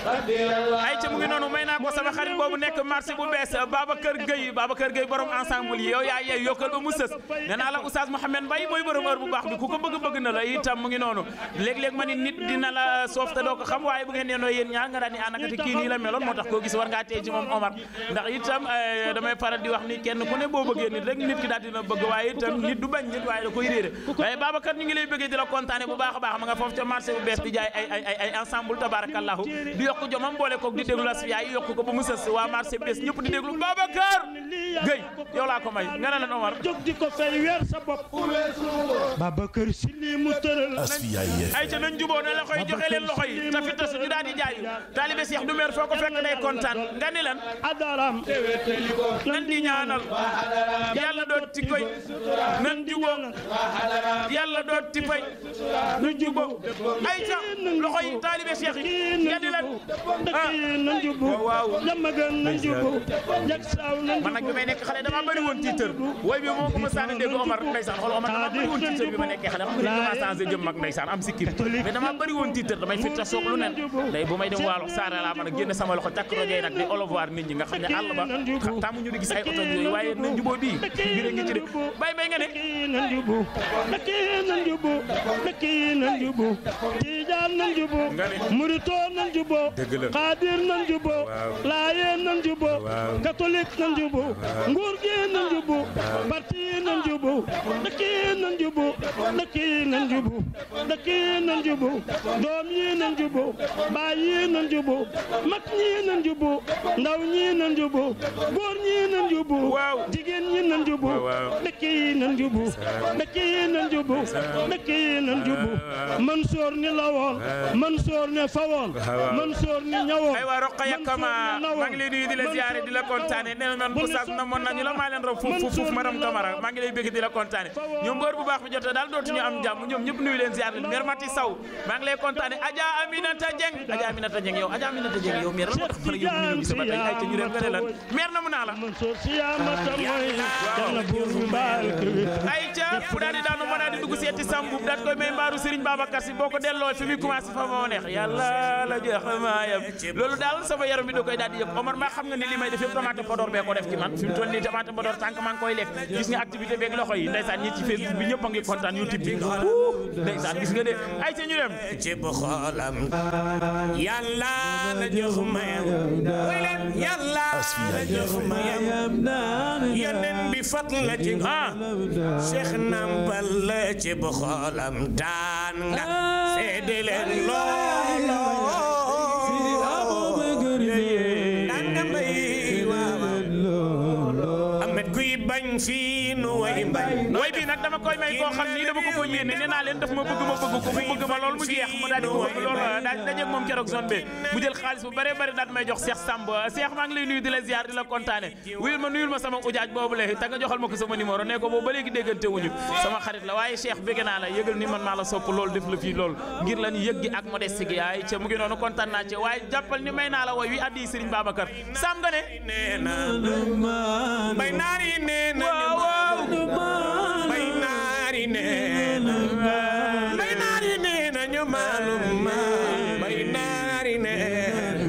ay ci mu ngi noonu may naa ko sama xarit boobu nekk marché bu bees Babacar Gueye Babacar Gueye borom ensemble yi yow yaa yey yokkal ba mu sës nee naa la oustaz Mouhamed Mbaye mooy borom heure bu baax bi ku ko bëgg bëgg na la itam mu ngi noonu léeg-léeg ma ni nit dina la soof te doo ko xam waaye bu ngeen neenoo yéen ñaar nga daan ni anakati kii nii la meloon moo tax koo gis war ngaa tey ci moom Omar ndax itam eh, damay faral di wax wax ni kenn ku ne boo bëggee nit rek nit ki dina bëgg waaye itam nit du bañ nit waaye da koy réere waaye ñu ngi lay bëggee di kontaane bu baax a baax ma nga foofu ca marché bu bees di jaay ay ay ay ay ca nañ juboo ne la koy joxe leen loxo yi tafi tasu ñu daal di jaayu taalibe Cheikh du meer foo ko fekk day kontaan nga ne lan adaram nan di ñaanal yàlla dooti koy nan juboo yàlla dooti fay nu juboo ay ca loxo yi taalibe Cheikh yi ya di lan ah nan juboo waaw jàmm gën nan juboo jag saaw nan juboo saan am sikkir mais dama bëri woon tiitër damay fit ta nen day bu may dem waalo saara laa mën a génn sama loxo takk rojoy nag di au revoir nit ñi nga xam ne àll ba tàmmuñu di gis oto ak yooyu waaye na njuboo bii biir a ngi ci de bay bay nga ne na njubu dëkk yi na njubu dëkk yi na njubu tiijaan na njubu muritoo na njubu xaadir na njubu laayeen na njubu catholique na njubu nguur gi na njubu parti yi na njubu dëkk yi na njubu doom yi na njubu baay yi na njubu mag ñi na njubu ndaw ñi na njubu góor ñi na njubu jubbu jigéen ñi nan jubbu dëkk yi nan jubbu dëkk yi nan jubbu dëkk yi nan jubbu Mansoor ni la woon Mansoor ne fa woon Mansoor ni ñawoon ay wa roqaya kama maa ngi lay nuyu di la ziyaare di la kontaane ne man bu sax na mon nañu la maa leen rob fuuf fuuf madame Camara maa ngi lay bëgg di la kontaane ñoom góor bu baax bi jotee daal dootuñu am jàmm ñoom ñëpp nuyu leen ziyaare mer Mati Saw maa ngi lay kontaane Adja Aminata Dieng Adja Aminata Dieng yow aja Aminata Dieng yow mer la moo tax yow ñu ñu sama tay ay te ñu reer lan mer na mu naa la yaa mata mooy yàlla buur bi mbaal ay ca bu daal di daanu mën a di dugg seeti sambu bu koy may mbaaru Serigne Babacar si boo ko delloo fi muy commencé fa moo neex yàlla la jox maayam loolu daal sama yaram bi da koy daal di yëg Omar maa xam nga ni li may def yëpp tamaate podor bee ko def ci man fi mu toll nii tamaate podor tànk maa ngi koy lekk gis nga activité beeg loxo yi ndeysaan ñi ci Facebook bi ñëpp a ngi kontaan YouTube bi ndeysaan gis nga de ay ca ñu dem ci xoolam yàlla la jox yeneen bi fat la ci ah Cheikh Nampal la ci bu xoolam daan nga seede leen looloo daan nga mbay waaw amet kuy bañ fii mooy bii nag dama koy may koo xam ni dama ko koy yéene nee naa leen daf ma bëgg ma bëgg ko ma lool mu jeex ma daal ko bëgg lool ah, daal di dajeeg moom keroog zone bi mu jël xaalis bu bëree bëri daal may jox Cheikh Samba Cheikh maa ngi lay di la ziar di la kontaane wuyul ma nuyul ma sama ujaaj boobu la te joxal ma ko sama numéro ne ko boobu ba léegi déggante wuñu sama xarit la waaye Cheikh bëgg naa a yëgal ni man maa la sopp lool def la fii lool ngir lan yëg gi ak modeste gi ay ca mu ngi noonu kontaan bay naari nee bay naari nee na ñu maalum ma bay naari nee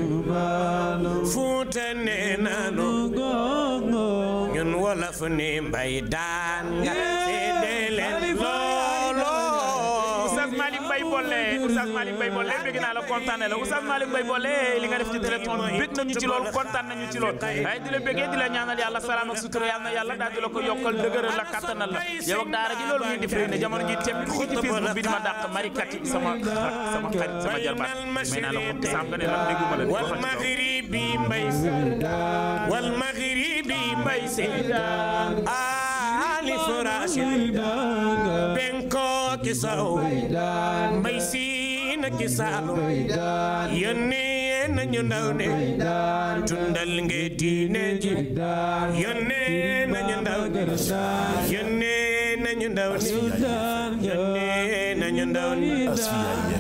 fuuta nee na nu ñun wolof ni mbay daan nga seede leen loolo Oustaz Malick Mbaye Bol Oustaz Malick Mbaye Bolé bégg naa la kontaane la Oustaz Malick Mbaye Bolé li nga def ci téléthon bi bég nañu ci lool kontaan nañu ci lool waaye di la béggee di la ñaanal yàlla salaam la ko yokkal dëgëral la kattanal la yow ak daara ji loolu ngeen di fay ne jamono ji tepp bi ma dàq marikati sama sama xarit sama jarbaat may naa la ko saam nga ne lan dégguma la na ci saalum yónnee nañu ndaw ne tundal ngee diine ji yónnee nañu ndaw ne yónnee nañu ndaw ne yónnee nañu ndaw ne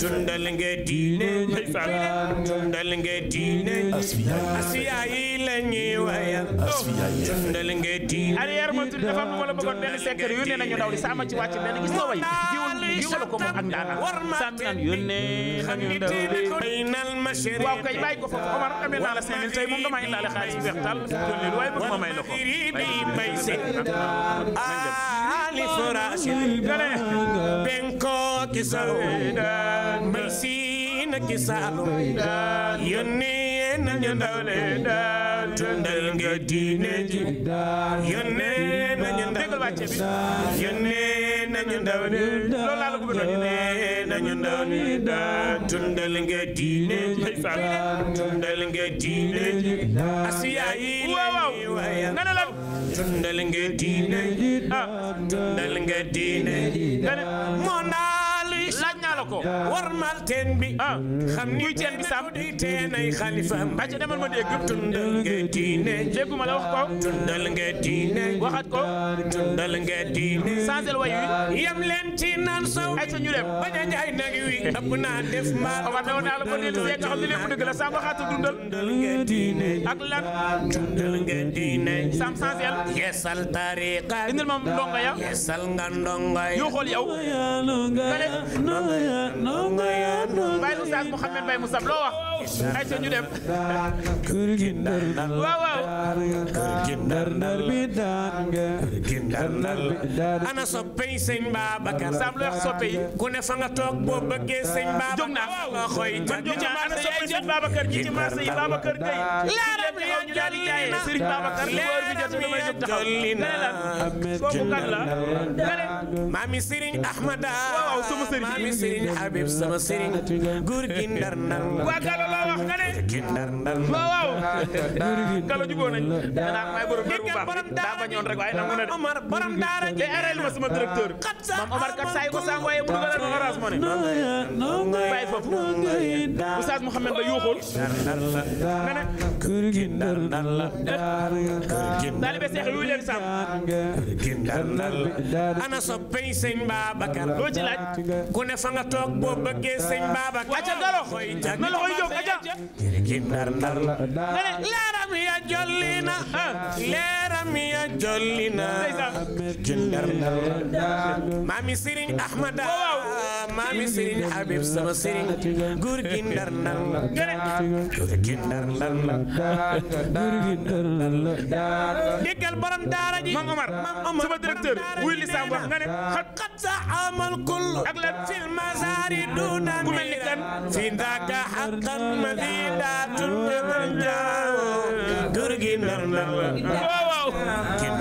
tundal ngee diine ji tundal ngee diine ji asiya yi la ñuy waya tundal ngee diine ji ariyeer moom dafa am wala bëggoon benn secret yu ne nañu ndaw li sama ci wàcc benn gis nga way gisal ko mu ak ndaanaan sàmminaan yónnee nañu ndaw li waaw kay bàyyi ko foofu Omar amee naa la cinq mille tey moom damaa indaale xaalis bu weex tàll yónnee waaye bëgg ma may la ko bay si ali furaas gane benko ki sa bay si na ki sa yónnee nañu ndawle daal dundal nga diine ji yónnee nañu ndawle wàcce bi yónnee nañu ndawle loolu laa la ko nga diine ji dundal nga diine ji diine ji ah dundal naa la ko teen bi ah, xam ni teen bi sam teenay xalifa mbay demal ma dégg tundal nga diine dégguma la wax ko tundal nga diine waxat ko sa ñu dem bañ a jaay nag wi ëpp naa def ma wax na naa la ko dégg la sam waxaatu dundal nga diine ak lan tundal nga diine sam sansel yeesal tariqa indil ma ndongo ya yeesal nga ndongo ya Baye Oustaz Mouhamed Baye Moussa loo wax nga kër sëriñ Habib sama sëriñ góor gi ndar ndar waa Gallo laa wax nga ne waaw waaw Gallo jubóo nañ danaa may borom kër bu baax daa bañoon rek waaye nangu na de Omar borom daara ji areel ma sama directeur maam Omar kat saa yi ko sàngoo yee mu dugalal ma orange mo ne bàyyi foofu Oustaz Mouhamed la yuuxul nga ne kër gi ndar ndar la daal be seex yu leen sàmm kër gi ndar ndar ana soppey sëñ Babacar loo ci laaj ku ne fa nga toog boo bëggee sëñ baaba aca dalo na loxo yi jóg aca jërëjëf ndar ndar la laram ya jolli na leer Lamia jolli naa jundar maami Serigne Ahmada maami Serigne Habib sama Serigne góor gi ndar ndar la góor gi ndar ndar la góor gi ndar ndar la déggal borom daara ji Mam Omar sama directeur wuy li sa wax nga ne xat sa amal kul ak la fil mazari duna ku mel ni kan fi ndaka haqqan madidatun jamal jaa góor gi ndar ndar la can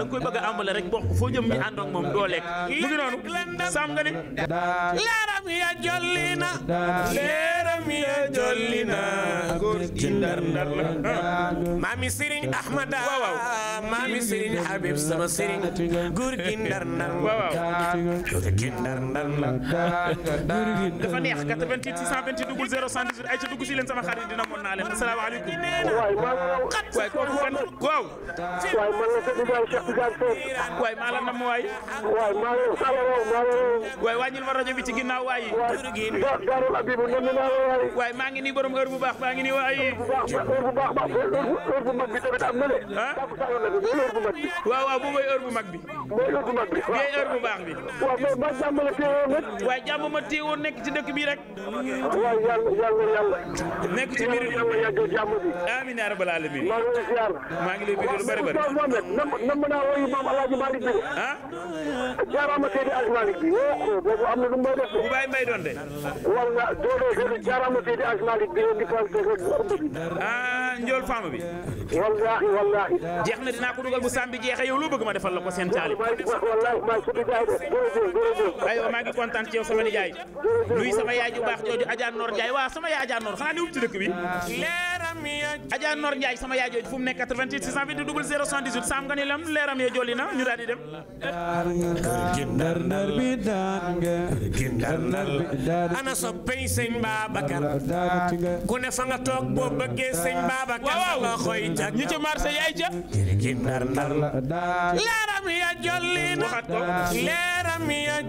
da nga koy bëgg a àmbale rek bokk foo jëm ñu ànd ak moom doo lekk mu ngi noonu sàmm nga ni leeram ya jolli na leeram ya jolli na góor ci ndar ndar la maami sëriñ ahmada waaw waaw maami sëriñ habib sama sëriñ góor gi ndar ndar la waaw góor gi ndar ndar la dafa neex 88 628 078 ay ci dugg si leen sama xarit dina mën naa leen asalaamaaleykum waay waaw waaw way ma la nam way way ma la sala ma la way wañil ma radio bi ci ginnaw way darul abibu non na way way ma ngi ni borom heure bu bax ma ngi ni way heure bu bax bax heure bu mag bi tamit am na le heure bu mag bi waaw waaw bu moy heure bu mag bi heure bu mag bi heure bu bax bi waaw mais ma jamm la teewoon nak way jamm ma teewoon nek ci dëkk bi rek way yalla yalla yalla nek ci biir yalla yalla jamm bi amin ya rabbal alamin ma ngi lay ziar bari bari wona woyi mam alaji malik de a jarama seydi alaji malik bi o amna ɗum mbawi def ɓuɓawi mbay ɗon de walla joɗo joɗo jarama seydi alaji malik bi fal bi wallahi wallahi jeexna dina ko dugal bu sambi jeexe yow lo bëgg ma defal sen wallahi ma jaay de ayo ma ngi content ci yow sama nijaay luy sama yaay ju baax joju nor jaay wa sama nor xana ni wut bi leer Adja Nor Ndiaye sama yaay jooju fu mu nekk 88 628 00 78 saam nga ni lam leeram ya jolli na ñu daal dem. nga ana soppey sëñ Babacar ku ne fa nga toog boo bëggee sëñ Babacar a koy jag ñi ci marché yaay ja leeram ya jolli na maami ya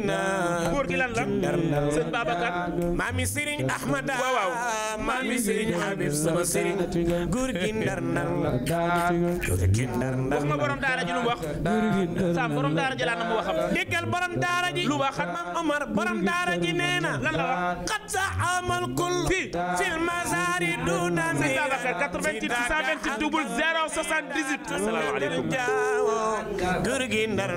na góor gi lan la sëñ Babacar borom daara ji lu mu wax sam borom daara ji laa na mu waxam déggal borom daara ji lu na mi sëñ Babacar 88 628 00 gi ndar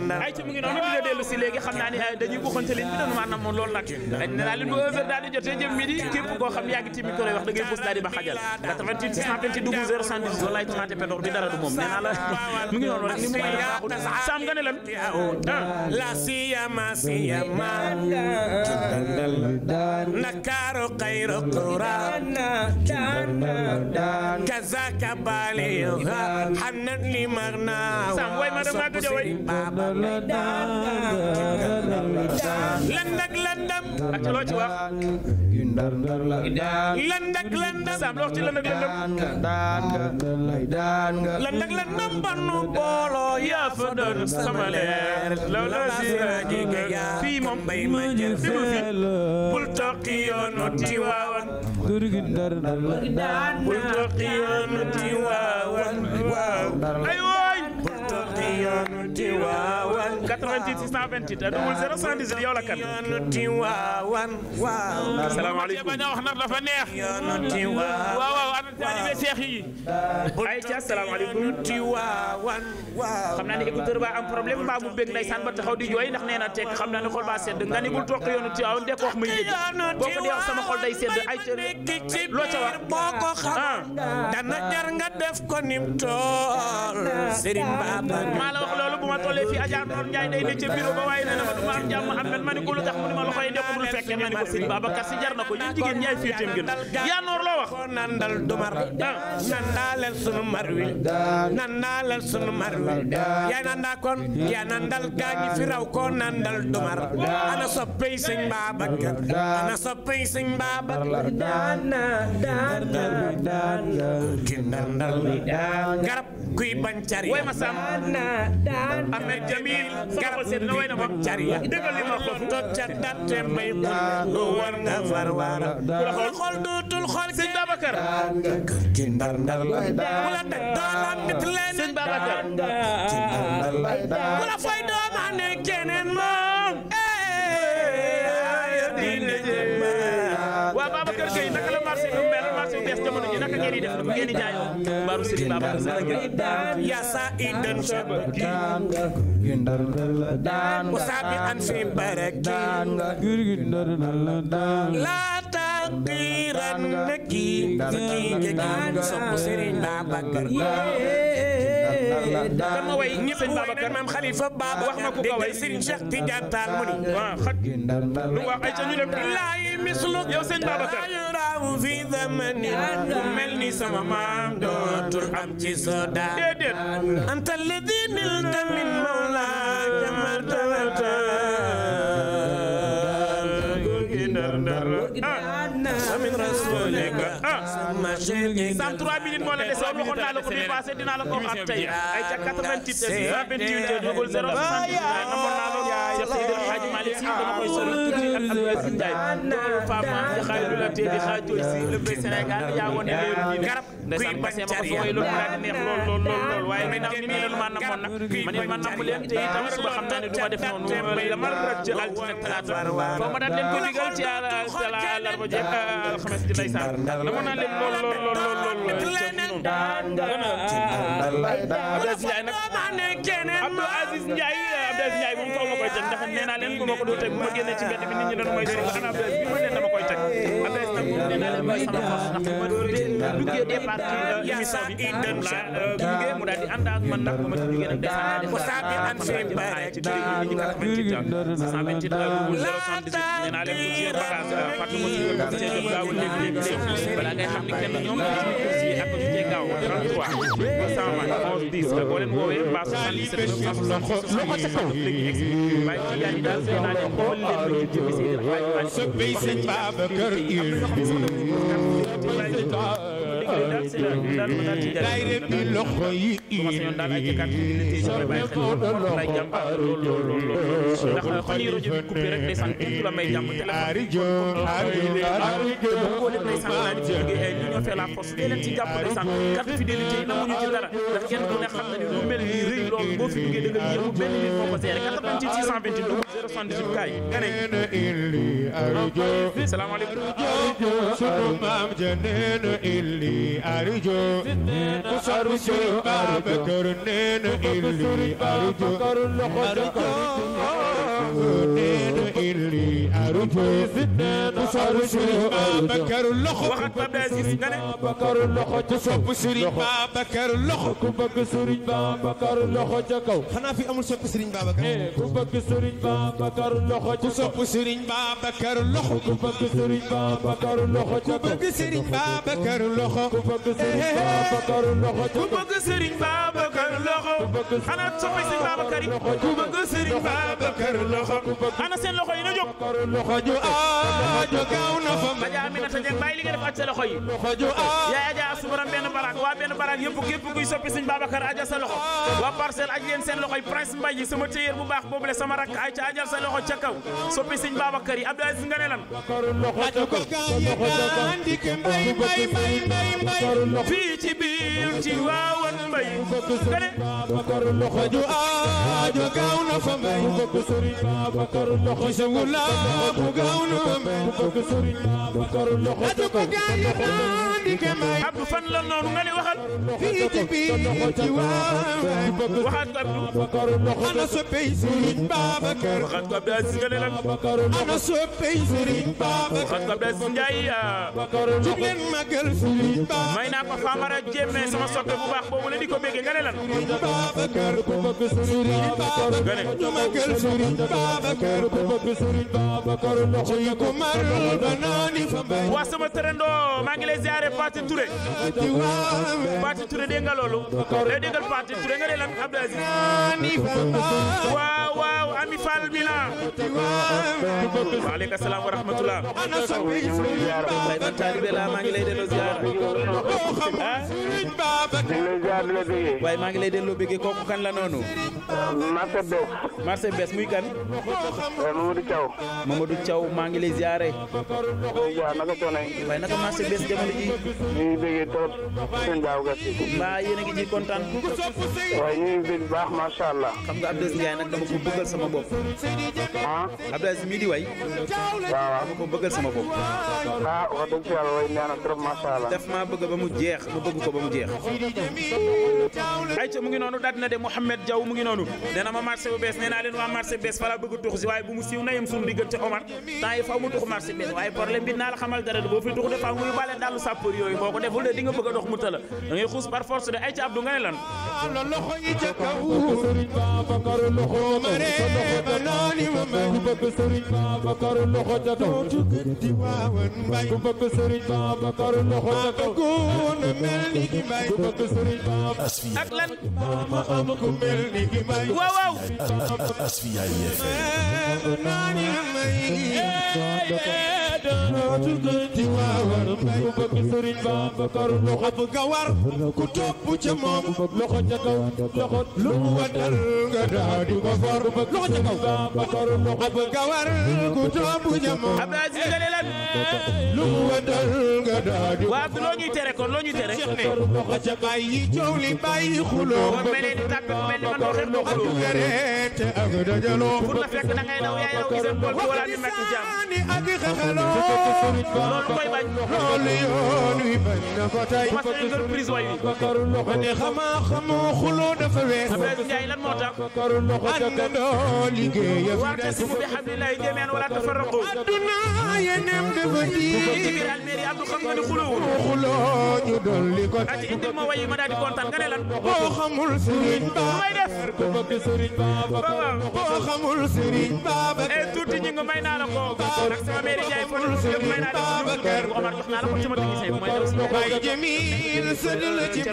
si léegi xam naa ne dañuy buxante liñ bi doon maanaam moom loolu nag dañ ne naa leen bu heure daal di jotee jëm midi képp koo xam yaa ngi ci micro yi wax da ngay bës daal di ba xajal 88 628 00 110 wallaay tumaate pedoor bi dara du moom nee naa la mu ngi noonu rek ni mu mën a baaxul saam nga ne lan la siyama siyama nakaaru xayru quraan kazaka baliyuha hanan li marnaa saam way ma dama gëj way landak landam ak loo ci wax landak landam saam loo ci landak landam landak landam bannu booloo yaa fa doon sama leer loola si raji nga fii moom bay ma jël fi mu fi bul toqi yoonu tiwaawan bul toqi yoonu tiwaawan waaw ay waay yoonu Tiwaawan 88 628 00 78 yow la kan yoonu Tiwaawan waaw asalaamaaleykum bañ a wax nag dafa neex yoonu Tiwaawan waaw waaw ana taalibe seex yi ay ci asalaamaaleykum Tiwaawan waaw xam naa ne écouteur ba am problème mbaa mu bëgg ndeysaan ba taxaw di jooy ndax nee na tekk xam naa ne xol baa sedd nga ni bul toog yoonu Tiwaawan de ko wax muy dégg boo ko dee wax sama xol day sedd ay loo ca wax boo ko xam dana jar nga def ko nim tool Serigne Baba naa la wax loolu bu ma tollee fii Adja yaa noor loo wax nan dal du mar ah. sunu mar wi yaa nan kon yaa nan dal fi raw ko nan dal ana soppey sëñ Babacar ana soppey sëñ Babacar daana garab kuy bañ cari Ahmed Jamil garab seet na way na moom cariya dëggal li ma xool tocca datte may xul war nga far waara ku la xool xool dootul xool sëñ Babacar kër gi ndar ndar la ku la teg doo la mit leen sëñ Babacar ku la fay doo ma ne keneen moo marché bi mel marché bu bees jamono ji naka ngeen di def bu ngeen di jaayoo mbaaru Serigne Babacar Sall yasa idan sabaki usabi an fi baraki la taqiran naki zaki jagi sopp Serigne Babacar dama way ñëpp way nañ maam xalifa baaba wax na ku ko way sëriñ Cheikh Tidiane Tall mu ni waaw xat lu wax ay ca ñu dem billaahi mislu yow sëñ Babacar yuraaw fi zamani ku mel ni sama maam dootul am ci soda déedéet anta alladi nilta min mawla jamal talata 103 minutes moo la dese waxoon naa la ko bii passé dinaa la ko waxaat tey ay ca 98 28 00 00 namoon naa la Cheikh Seydi El Hadji Malick Sy dama koy solo tuuti ak Abdou Aziz Ndiaye doolu Fama jaxaay lu la tee di xaajooy si le vrai Sénégal yaa woon ne garab kuy bañ cari mooy lu daal neex lool lool lool lool waaye ginnaaw nit ñi leen maa namoon nag ma ne ma namm leen te itam suba xam naa ne du ma def noonu may la mal rëcc altine talaata foo ma daan leen ko digal ci àlarba jeeg alxames di ndeysaan lim lool lool lool lool Abdoulaye Ndiaye nag Abdou Aziz Ndiaye Abdoulaye Ndiaye moom faaw ma koy teg ndax nee naa leen bu ma ko doon teg bu ma génnee ci mbedd bi nit ñi dañu may teg ana Abdoulaye bi ma leen dama koy teg Abdoulaye nag moom nee naa leen mooy sama fas ndax ma doon duggee départ ci émission bi man la euh, duggee mu daal di ànd ak man ndax bu ma ci duggee nag ko saabi an seen bare ci dëgg ñu ngi tax man ci tam 128 la bu 078 nee naa ko ci bagage Fatou Moussa Diop daawul léegi ni kenn ñoom Sénégal, 33, 220, 11, 10. boo leen daayira bi loxo yi salaamaaleykum sunu maam ja nee na illi ಇಲ್ಲಿ ಅರುಜೋ ಅರುಜೋ ಪಾಪ ಕರುಣೇನು ಇಲ್ಲಿ ಅರುಜೋ ಕರುಣೇನು ಇಲ್ಲಿ Babacar loxo waxat Pape Abdou Aziz nga ne Babacar loxo ca sopp Serigne Babacar loxo ku bëgg Serigne Babacar loxo ca kaw xanaa fi amul sopp Serigne Babacar ku bëgg Serigne Babacar loxo ca sopp Serigne Babacar loxo ku bëgg Serigne Babacar loxo ca kaw ku bëgg Serigne Babacar loxo ku bëgg Serigne Babacar loxo ku bëgg Serigne Babacar loxo xanaa sopp Serigne Babacar yi ku bëgg Serigne Babacar loxo ana seen loxo yi na jóg loxo ju aajo gaaw na fa ma ja amina ta jeg bàyyi li nga def ak sa loxo yi loxo ju yaa aja asu borom benn baraak waa benn baraak yëpp képp kuy soppi sëñ Babacar aja sa loxo waa parcelle aj leen seen loxo yi prince mbay yi sama téyeer bu baax boobule sama rakk ay ca ajal sa loxo ca kaw soppi sëñ Babacar yi Abdou Aziz nga ne lan fii ci biir ci waawan mbay nga ne loxo ju aajo gaaw na fa mbay bu gaaw nu mel atu ko gaay yi naan di ko may Abdou fan la noonu nga li waxal fii ci biir ci waawaaw waxaat ko Abdou ana soppey Serigne Babacar waxaat ko Abdou Aziz nga ne lan ana soppey Serigne Babacar waxaat ko Abdou Aziz Ndiaye jug leen magal Serigne Babacar may naa ko Famara Jéeme sama soppe bu baax boobu la di ko béggee nga ne lan Babacar ku bëgg Serigne Babacar ñu magal Serigne Babacar ku bëgg Serigne Babacar waa sama tërëndoo maa ngi lay ziare Pathé Touré Pathé eh, Touré nga loolu day déggal Pathé Touré nga dee lan Abdou Aziz waaw waaw Ami Fall mi la wa alayka salam wa rahmatullah ana sabi ziar bay man talibe la ma ngi lay delo ziar way ma ngi lay delo bege koku kan la nonu marché bes marché bes muy kan mamadou thiaw mamadou thiaw ma ngi lay ziaré ya naka tonay way naka marché bes jamono ji ni bege top sen daaw gatti ba yeena ngi ji contane way ni bege bax ma sha Allah xam nga abdes ngay nak dama ko bëggal sama bop Abdou Aziz mii di way waaw ma ko bëggal sama bopp ah maa bëgg ba mu jeex ma bëgg ko ba mu jeex ayca mu ngi noonu daat na de Mouhamed Diaw mu ngi noonu dana ma marché bu bees nee leen waa marché bu bees fa bëgg a tux waaye bu mu siiw na yem diggante Omar temps yi faw mu tux marché bees waaye problème bi naa la xamal dara boo fi tux de muy bàle dalu sàppar yooyu boo ko deful de di a dox mu tëla da xuus par force de ca kaw Serigne ku bëgg sëriñ Babacar loxo ca kaw ku bëgg sëriñ Babacar loxo ca kaw ku bëgg sëriñ Babacar ak lan ma am ku mel ni ki may waaw waaw Asfiyahi FM dootul gënti waawar ku bëgg sëriñ Babacar loxo ab gawar ku topp ca moom loxo ca kaw loxo lu mu wadal nga daal di ko for loxo ca kaw Babacar xob nga war ku toog bu a Abdou Aziz nga ne lan. lu mu nga daaju. waaw loo ñuy tere kon loo ñuy tere. loxo ca bàyyi coow li bàyyi xuloo. kon mel ni tàbbi mel ni man waxee te ak dajaloo. pour na fekk da ngay daw yaay daw gisal bool bi wala ne xamaa xamoo xuloo dafa wees. Abdou Aziz Ndiaye lan moo tax. wa'tasimu bi hablillahi jami'an ci biir almeeri abdu xam nga ma wayi ma daal di kontaan nga ne lan boo xamul sëriñ ba eh, may def ci bay jëmiil sëdd la ci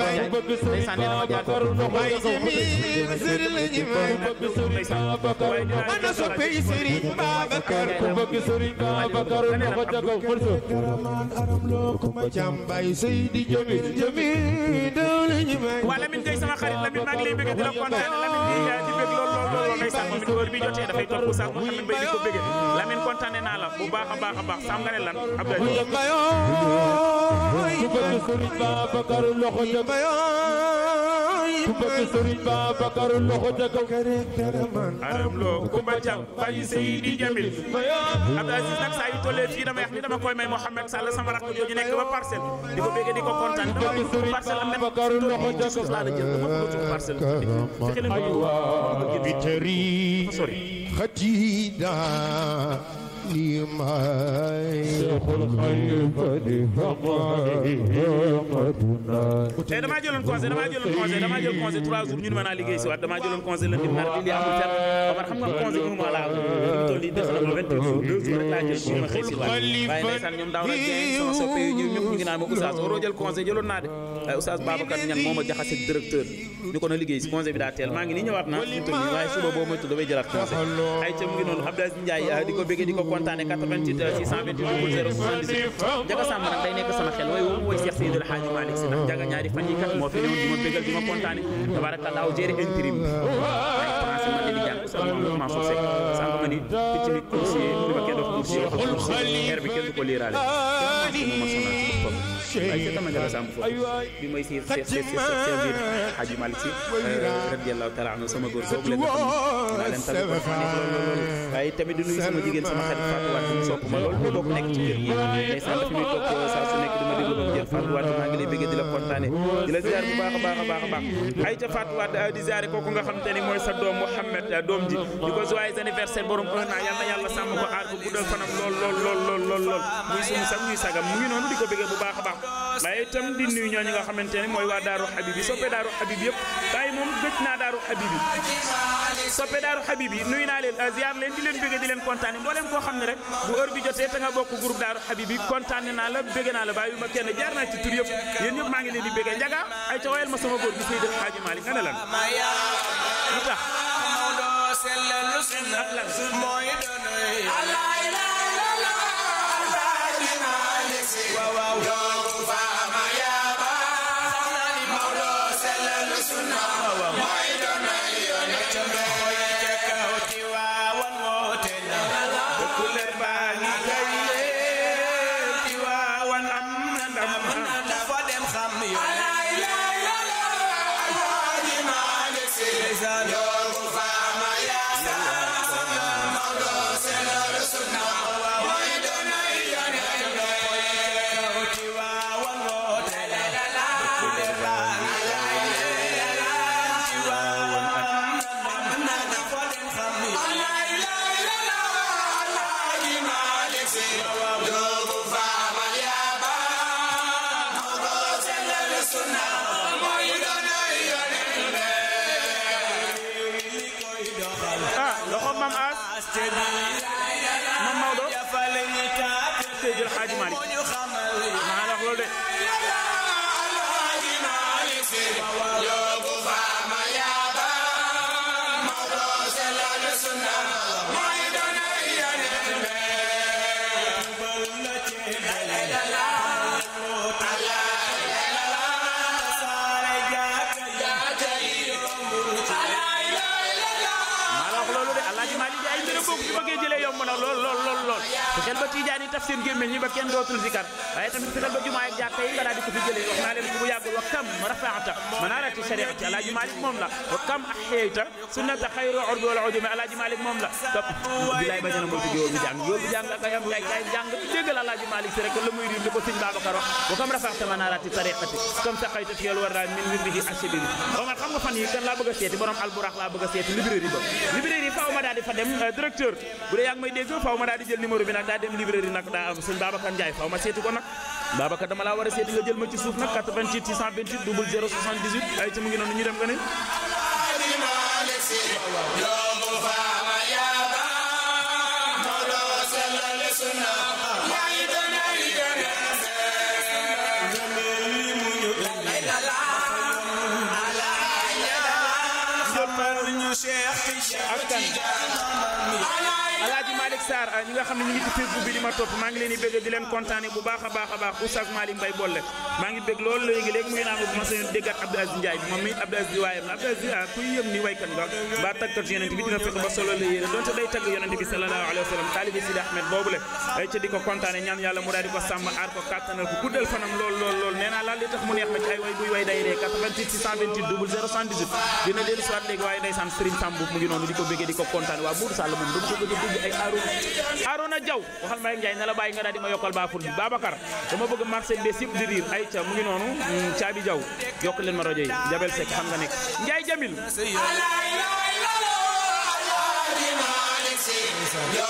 ci bay bëgg Serigne Babacar ku bëgg Serigne Babacar loxo ca kaw fërsa wala min ngay sama xarit Lamine maa ngi lay bëgg di la kontaan Lamine bi di bëgg lool lool lool ngay sax moom it heure bi jotee dafay topp sax Lamine bay di ko bëgg Lamine kontaane naa la bu baax a baax a baax sax nga ne lan Abdoulaye ku bëgg Serigne Babacar loxo ca ku bëgg Serigne Babacar loxo ca kaw aram loo Kumba Jam Baye Seydi Jamil Abdou Aziz nag saa yu tollee fii dama wax ni dama koy may Mouhamed Sall sama rakk jooju nekk ba parcelle di ko bëgg di ko kontaan dama bëgg parcelle am Babacar loxo ca kaw laa la jël dama bëgg parcelle fexe leen ko sori xatida tey damaa jëloon conseil damaa jëloon conseil damaa jël conseil trois jours ñu ne ma naa liggéey si waat damaa jëloon conseil lundi mardi li amul fenn ba xam nga conseil bi mu ñu toll ma xëy si waat waaye ndeysaan ñoom la jeex sama soppe yi ñoom ñëpp ñu ngi naan ma oustaz waroo jël conseil jëloon naa de waaye oustaz Babacar Niang moo ma jaxase directeur ñu ko na liggéey si conseil bi daa maa ngi nii ñëwaat naa waaye suba boo moytu damay jëlaat conseil ay ca mu ngi noonu Abdou Ndiaye di ko bëgg di ko kontaane 88 628 070 Njaga Samb nag day nekk sama xel way woomu way Cheikh Seydou El Hadji Malick si ndax Njaga ñaari fan yi kat moo fi newoon di ma bégal di ma kontaane tabaarakallaa jëre intérim ma so sek sànq ma ni picc mi coursier ni ma kenn dox coursier waxal coursier air bi kenn du ko liiraale waaye ca Tamandela Samb foofu bi mooy si si si biir Hadji Malick si euh, radiyallahu taala anhu sama góor boobu leen naa leen tamit ko nekk lool lool waaye tamit di nuyu sama jigéen sama xarit Fatou Wade mu sopp ma lool mu bokk nekk ci kër gi ndeysaan fi muy toog bëgg ba mu jeex Fatou Wade maa ngi lay bëgg di la kontaane di la ziar bu baax a baax a baax a baax ay ca Fatou Wade di ziare kooku nga xam te ni mooy sa doom Mouhamed doom ji di ko joyeux anniversaire borom un an yàlla yàlla sàmm ko aar ko guddal fanam lool lool lool lool lool lool muy suñu sag muy sagam mu ngi noonu di ko bëgg bu baax a baax waaye itam di nuyu ñooñu nga xamante ne mooy waa Daaru Habib yi soppe Daaru Habib yëpp waaye moom gëj naa Daaru Habib yi soppe Daaru Habib yi nuyu naa leen ziar leen di leen bëgg di leen kontaane mbooleem koo xam ne rek bu heure bi jotee te nga bokk groupe Daaru Habib yi kontaane naa la bëgg naa la bàyyi fa kenn jaar naa ci tur yëpp yéen ñëpp maa ngi leen di a njaga ay ca wayal ma sama góor gi Seydi Hadji Malick nga ne lan lu tax ak lan ba kenn dootul zikar waaye tamit fexeel ba jumaa ak jàkka yi nga daal di ko fi jëlee wax naa leen ko bu yàggul wa kam rafaata manarati shariati alaaji malik moom la wa kam axeeyta sunnata xayru urbi wala ujumi alaaji malik moom la top bilaay ba jana moytu yóbbu jàng yóbbu jàng ak ay am ay ay jàng déggal alaaji malik si rek la muy riim li ko sëñ Babacar wax wa kam rafaata manarati tariqati comme sa xayta fiyal war naa min wirdihi asibin omar xam nga fan yi kan laa bëgg a seeti borom alburax laa bëgg a seeti librairie ba librairie faaw ma daal di fa dem euh, directeur bu dee yaa ngi may dégg faaw ma daal di jël numéro bi nag daa dem librairie nag daa am sëñ Babacar Babacar Ndiaye faw ma ko nag Babacar dama a seeti nga jël ma suuf nag 88 628 00 78 ay ci mu ngi noonu ñu dem nga ne Sarr ah, ñi nga xam ne ñu ngi ci Facebook bi di ma topp maa ngi leen di bëgg di leen kontaane bu baax a baax a baax Oustaz Malick Mbaye bolle maa ngi bëgg loolu léegi léegi mu ngi naan bu ma seen déggaat Abdou Aziz Ndiaye bi moom mi Abdou Aziz waayam la Abdou Aziz ah kuy yëm ni waykat nga ba tagkat yonent bi dina fekk ba solo la yéene donte day tagg yonent bi sallallahu alayhi wa sallam taalibi Sidi Ahmed ko kontaane ñaan yàlla mu daal di ko sàmm aar ko kàttanal ko guddal fanam lool lool aroon Arona Diaw waxal ma rek Ndiaye ne la bàyyi nga daal di ma yokkal baafur bi Babacar dama bëgg marchandise yëpp di riir ay ca mu ngi noonu caabi Diaw yokk leen ma rajo yi Jabel Seck ga nga nekk Ndiaye Jamil Yo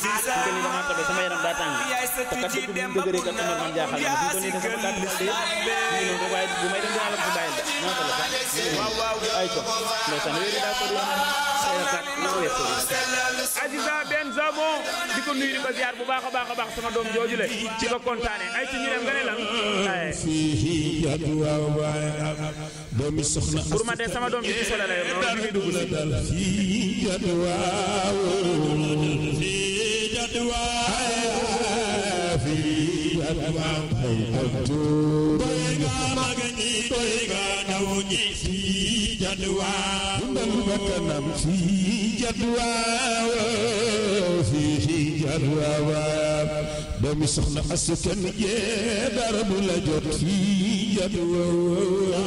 fi mu dama toog sama yaram daa tàng te kat dëgg bu mu dëgëree kat sama man jaaxal na fi mu toll nii sama kàddu xel yëpp mu ngi noonu waaye bu may dem dinaa la ko bàyyil de moo ko la sax ay ko ndeysaan yooyu daa ko di say attaque ñoo weesu Aziza Ben Zabon di ko nuyu di ko ziar bu baax a baax a baax sama doom jooju le ci ko kontaane ay ci ñu dem nga ne lan doomi soxna pour ma dee sama doom ji ci solo la yor noonu bi muy dugg si doomi soxna asu kenn jee dara bu la jot fii jadwaa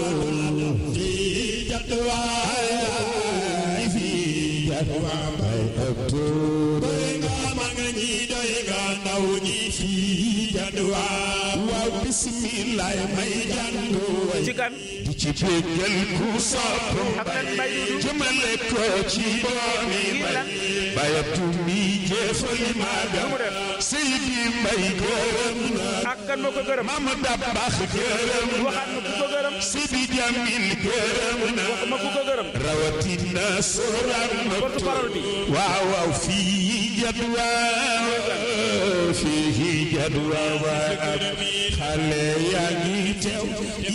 fii jadwaa fii jadwaa bay ak tuuba day doy nga naw ñi fii jànduwa waaw bismillah may jàndu way ci kan di ci béggal ku sopp ko ci doomi mbay bayatu mi ma ku ko gërëm seydi jamil gërëm na ma ku ko gërëm waaw waaw fii jànduwa fii jadwa waay ab xale yaa ngi teew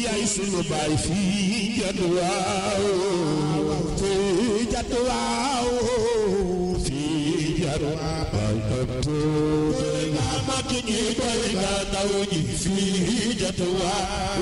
yaay sunu baay fii jadwa fii jadwa fii jadwa waay ab ni doy na ndaw ñi fii jatuwa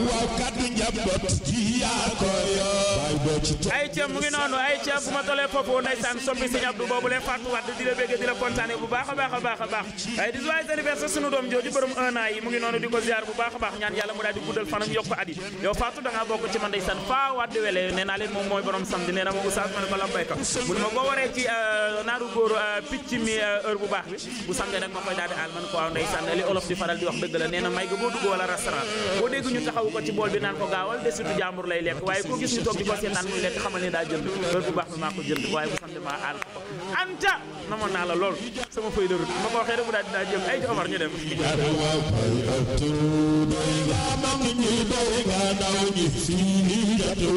waaw kaddu njaboot ji yaa ko yor. ay ca mu ngi noonu ay ca bu ma tollee foofu ndeysaan soppi sëñ Abdou boobu leen Fatou Wade di la bégg di la kontaane bu baax a baax a baax a baax di joyeux anniversaire sunu doom jooju borom un an yi mu ngi noonu di ko ziar bu baax a baax ñaan yàlla mu daal di guddal fanam yokk ko at yi yow Fatou da ngaa bokk ci man ndeysaan faa Wade wele nee naa leen moom mooy borom samedi nee na ma oustaz ma ne ko lambay ko mu ne ma boo waree ci euh, naaru góor euh, picc mi euh, heure bu baax bi bu samedi nag ma koy daal di aal man ko waaw ndeysaan restaurant la li olof di faral di wax dëgg la nee na may ga boo dugg wala restaurant boo dégg ñu taxaw ko ci bool bi naan ko gaawal desitu jàmbur lay lekk waaye ko gis ñu toog di ko seetaan muy lekk xamal ne daa jënd loolu bu baax bi maa ko jënd waaye bu sant maa aal ko anta namoon naa la lool sama feuille de route ma ko waxee rek mu daal di daal jëm ay ci Omar ñu dem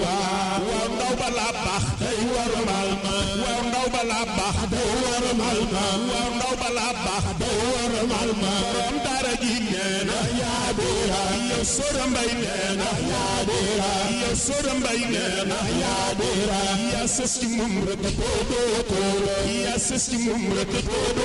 waaw ndaw ba la baax day warmal ma waaw ndaw ba la baax day warmal ma waaw ndaw ba la baax day warmal ma borom daara ji nee na yaa dira yow sora mbay nee na yaa dira yow sora mbay nee na yaa dira yaa sës ci moom rek doo doo doo yaa sës ci moom rek doo doo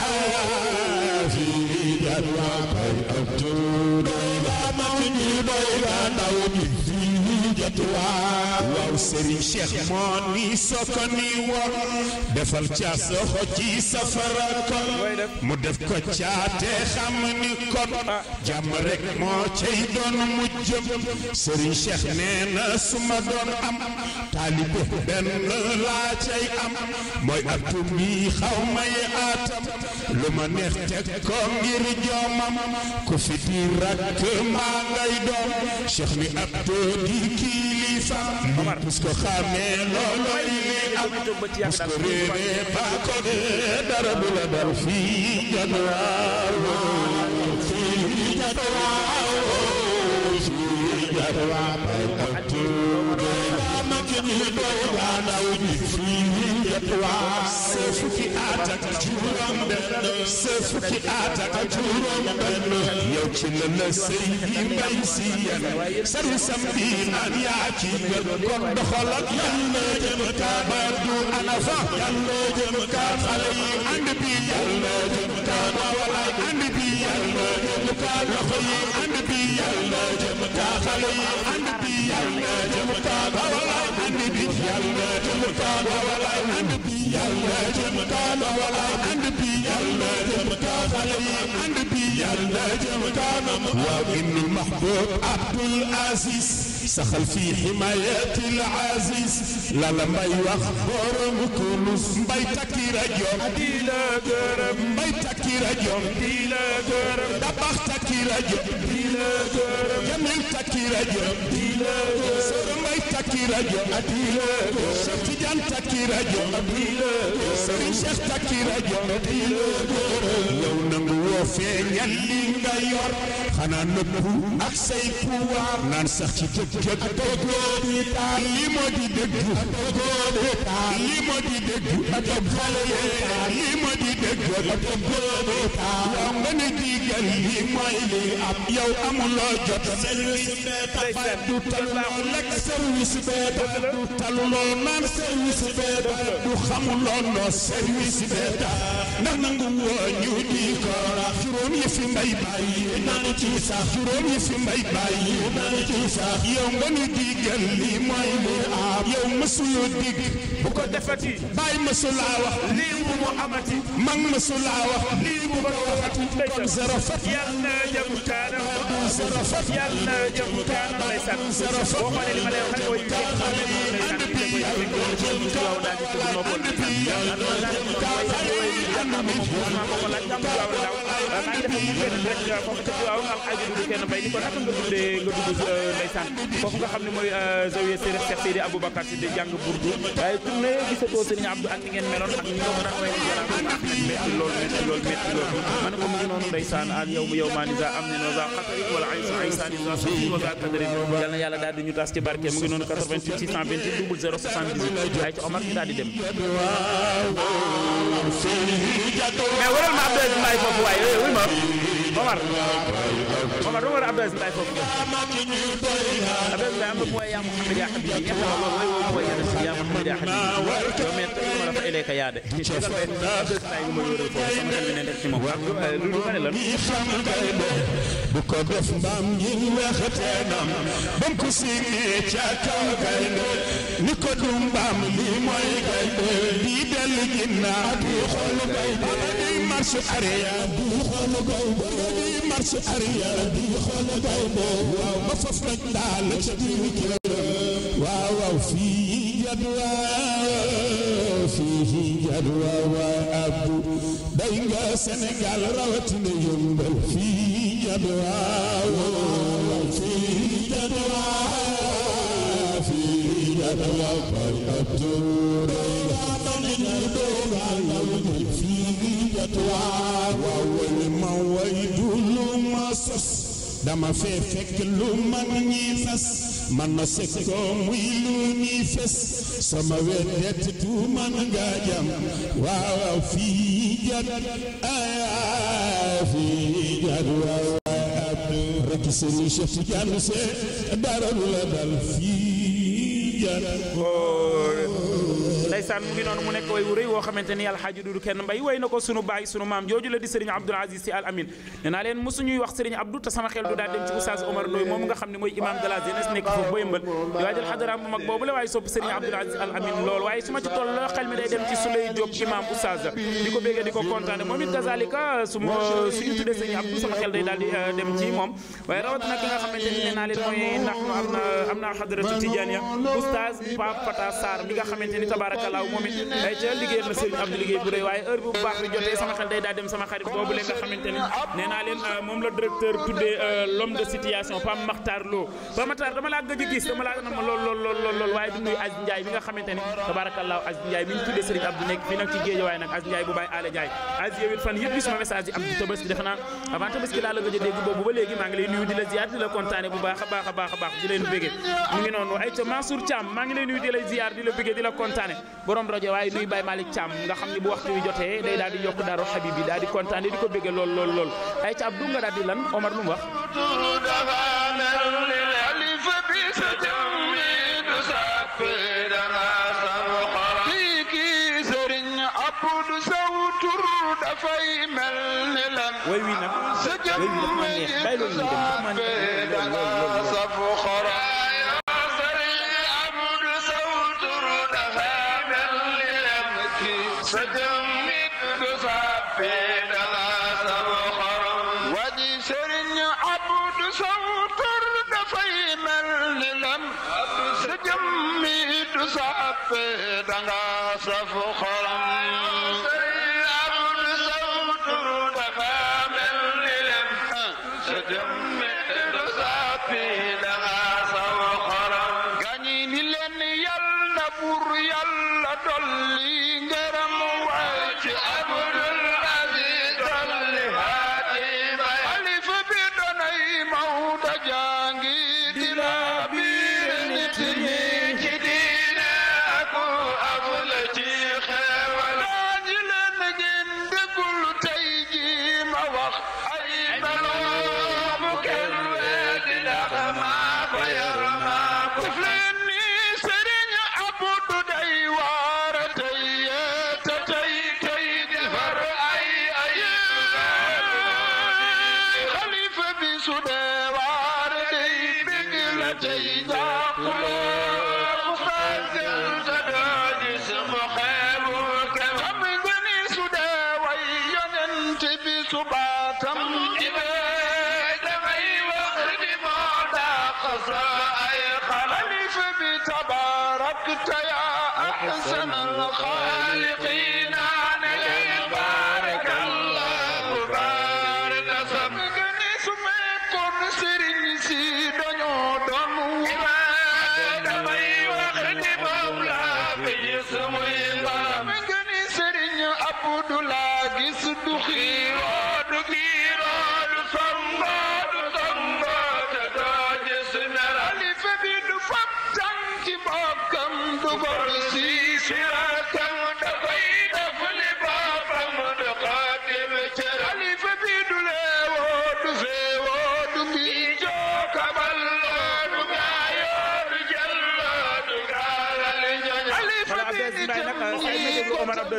Touba waaw Serigne Cheikh moo ni soko ni war defal ca soxo ci safara kon mu def ko caate xam ni kon jàmm rek moo cay doon mu jëm Serigne Cheikh nee na su ma doon am taalibe benn laa cay am mooy atum yi xaw may atam lu ma neex teg ko ngir joomam ku fi di rakk maa ngay doom Cheikh ni ab di kii Omar bu ko xamee loolooy li am bu ko réeree baa ko dee dara du la dal fii jadwaawoo fii jadwaawoo fii jadwaawoo bay ak tuur doy daa mag ñi doy daa daw ji fii see fukki at ak juróom benn see fukki at ak juróom benn yow ci la la sëy bi mbay si yan sari sam bi naan yaa ci gën kon doxal ak yàlla jëm ka baddu ana fa yàlla jëm ka xale yi ànd bi yàlla jëm ka walaay ànd bi yàlla jëm ka loxo yi ànd تمتابل النبي يلا تمتابل النبي يلا تمتابل النبي المحبوب عبد العزيز سخل في حماية العزيز لا لما يوخر مكنوس بيتك رجل ديلا درم بيتك رجل ديلا درم دبختك رجل ديلا قرم جميلتك رجل ديلا قرم سرميتك رجل ديلا درم شفتجانتك رجل ديلا قرم سرشتك شختك ديلا قرم لو نمو woo feeñal li nga yor xanaa nëbbu ak say pouvoir naan sax ci dëgg dëgg li moo di dëgg li moo di dëgg li moo di dëgg yow nga ne digal li mooy li am yow amuloo jot service beta du taluloo lekk service beta du taluloo naan service beta du xamuloo noo service beta ndax nangu woo ñu di ko sax juróom yi fi mbay bàyyi naan ci sax juróom yi fi mbay bàyyi naan ci sax yow nga nu diggal li mooy li am yow mësuloo digg bu ko defati bàyyi mësulaa wax lii bu mu amati mag mësulaa wax lii bu ko waxati kon zéro fat yàlla naa jëm kaanam zéro fat yàlla naa jëm kaanam zéro fat boo xoolee li ma lay wax rek mooy ànd bi yàlla jëm kaanam foofu nga xam ne mooy zawiya Serigne Cheikh Seydi Aboubacar si di jàng burdu waaye tourné gisatoo Serigne Abdou ak ni ngeen meloon ak ni nga ko daan way metti lool metti lool metti lool ma ne ko mu ngi noonu ndeysaan al yow mu yow maanisa am ne nosa xatarik wala aysa aysani nosaii nosa kadari yal na yàlla daal di ñu tas ci barke mu ngi noonu 88 628 00 78 ay ci Omar ñu daal di dem mais waral ma abdoulaye Mbaye foofu waaye wéy ma. Omar Omar Omar Abdoulaye Mbaye foofu Abdoulaye Mbaye am na mooy yaa Muhammad yaa Habibi neex na ma lool mooy mooy yaa Rasul yaa Muhammad yaa Habibi yow mais ma la fa ilayka yaa de Abdoulaye Mbaye nga ma yóoree foofu sama xel bi ne def ci moom lu lu ma ne lan bu ko def mbaam ngir weexateenam bam ko singee ca kaw gaynde ni ko du mbaam li mooy gaynde di dellu ginnaaw di xool gaynde marche arrière bi xool gaw bo di marche arrière bi xool gaw bo waaw ma faf rek daal ci diwi këram waaw waaw fii jadwa fii jadwa waa abdu day nga Sénégal rawatina yëmbal fii jadwa fii jadwa fii jadwa bay abdu day nga Sénégal rawatina yëmbal waaw wala ma way du lu ma sos dama fee lu man ñi fas man na sekkoo muy lu ñi fes sama wet det tu man nga jam waaw fii jat ayaa fii jat waaw rekk sëriñ Cheikh Tidiane Sy dara lu la dal fii jat ndeysaan mu ngi noonu mu nekk way wu rëy woo xamante ni alxaaji dudu kenn mbay way na ko sunu baay sunu maam jooju la di sëriñ abdul aziz si al amin ne naa leen mosuñuy wax sëriñ abdou te sama xel du daal dem ci oustaz omar ndoy moom nga xam ne mooy imam de la jeunesse nekk foofu ba yëmbal di waajal xadaraam bu mag boobu la waaye sopp sëriñ abdul aziz al amin lool waaye su ma ci toll la xel mi day dem ci sulay job imam oustaz di ko béggee di ko kontaane moom it kazalika su ma suñu tuddee sëriñ abdou sama xel day daal di dem ci moom waaye rawat nag nga xamante ni ne naa leen mooy ndax nu am na am naa xadaratu tijaaniya oustaz pa fata sarr mi nga xamante ni tabarak tabaarakallaahu moom it ca liggéeyal na Serigne Abdou liggéey bu rëy waaye heure bu baax bi jotee sama xel day daal sama xarit boobu leen nga xamante ni naa leen euh, moom la directeur tuddee euh, l'homme de situation Pam Makhtar Lo Pam Makhtar dama laa gëj a gis dama laa nama lool lool lool waaye du nuyu Aziz mi nga xamante ni tabaarakallaahu Aziz mi ñu tuddee Serigne Abdou nekk fii nag ci géej waaye nag Aziz bu Baye Alé Ndiaye Aziz yow fan yëpp gisuma message yi am di tabaski defe ba a a baax ngi noonu ay boroom rajo waaye nuy Baye Malick Thiam nga xam ni bu waxtu wi jotee day daal di yokk daaru bi yi daal di kontaane di ko béggee lool lool lool ay ca Abdou nga daal di lan Omar lu mu wax way wi nag way wi dafa ma neex bàyyi loolu ñu dem dafa ma neex lool lool lool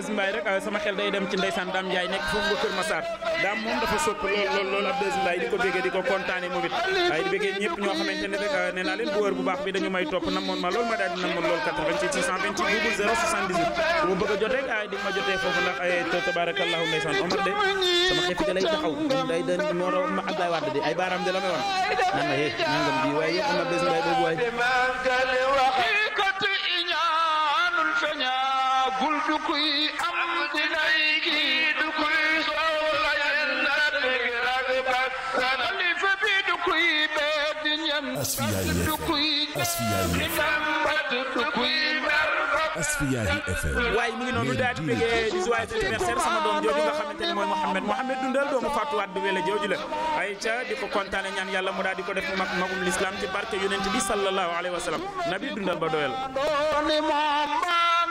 Euh, sama xel day dem ci ndeysaan Dame Ndiaye nekk foofu nga Kër Massar di ko béggee di ko kontaane moom it waaye di béggee ñëpp ñoo xamante ne rek euh, ma lool ma daal di foofu ndax tabarakallahu ndeysaan Omar de sama xef lay taxaw day da moo raw ma de ay baaraam de la may wan du kuy am di nay kii du kuy soow la yennaat gi rag bak sana lifa bi du kuy bee di ñam bak du kuy di nam bat du kuy mer Asfiyahi FM waaye mi ngi noonu daal di bëggee di joyeux anniversaire sama doom jooju nga ne mooy Mouhamed Mouhamed dundal doomu fàttuwaat du wele jooju la ay ca ko kontaane ñaan yàlla mu daal di ko def magum l'islam ci barke yonent bi sallallahu alayhi wa sallam nabi dundal ba doyal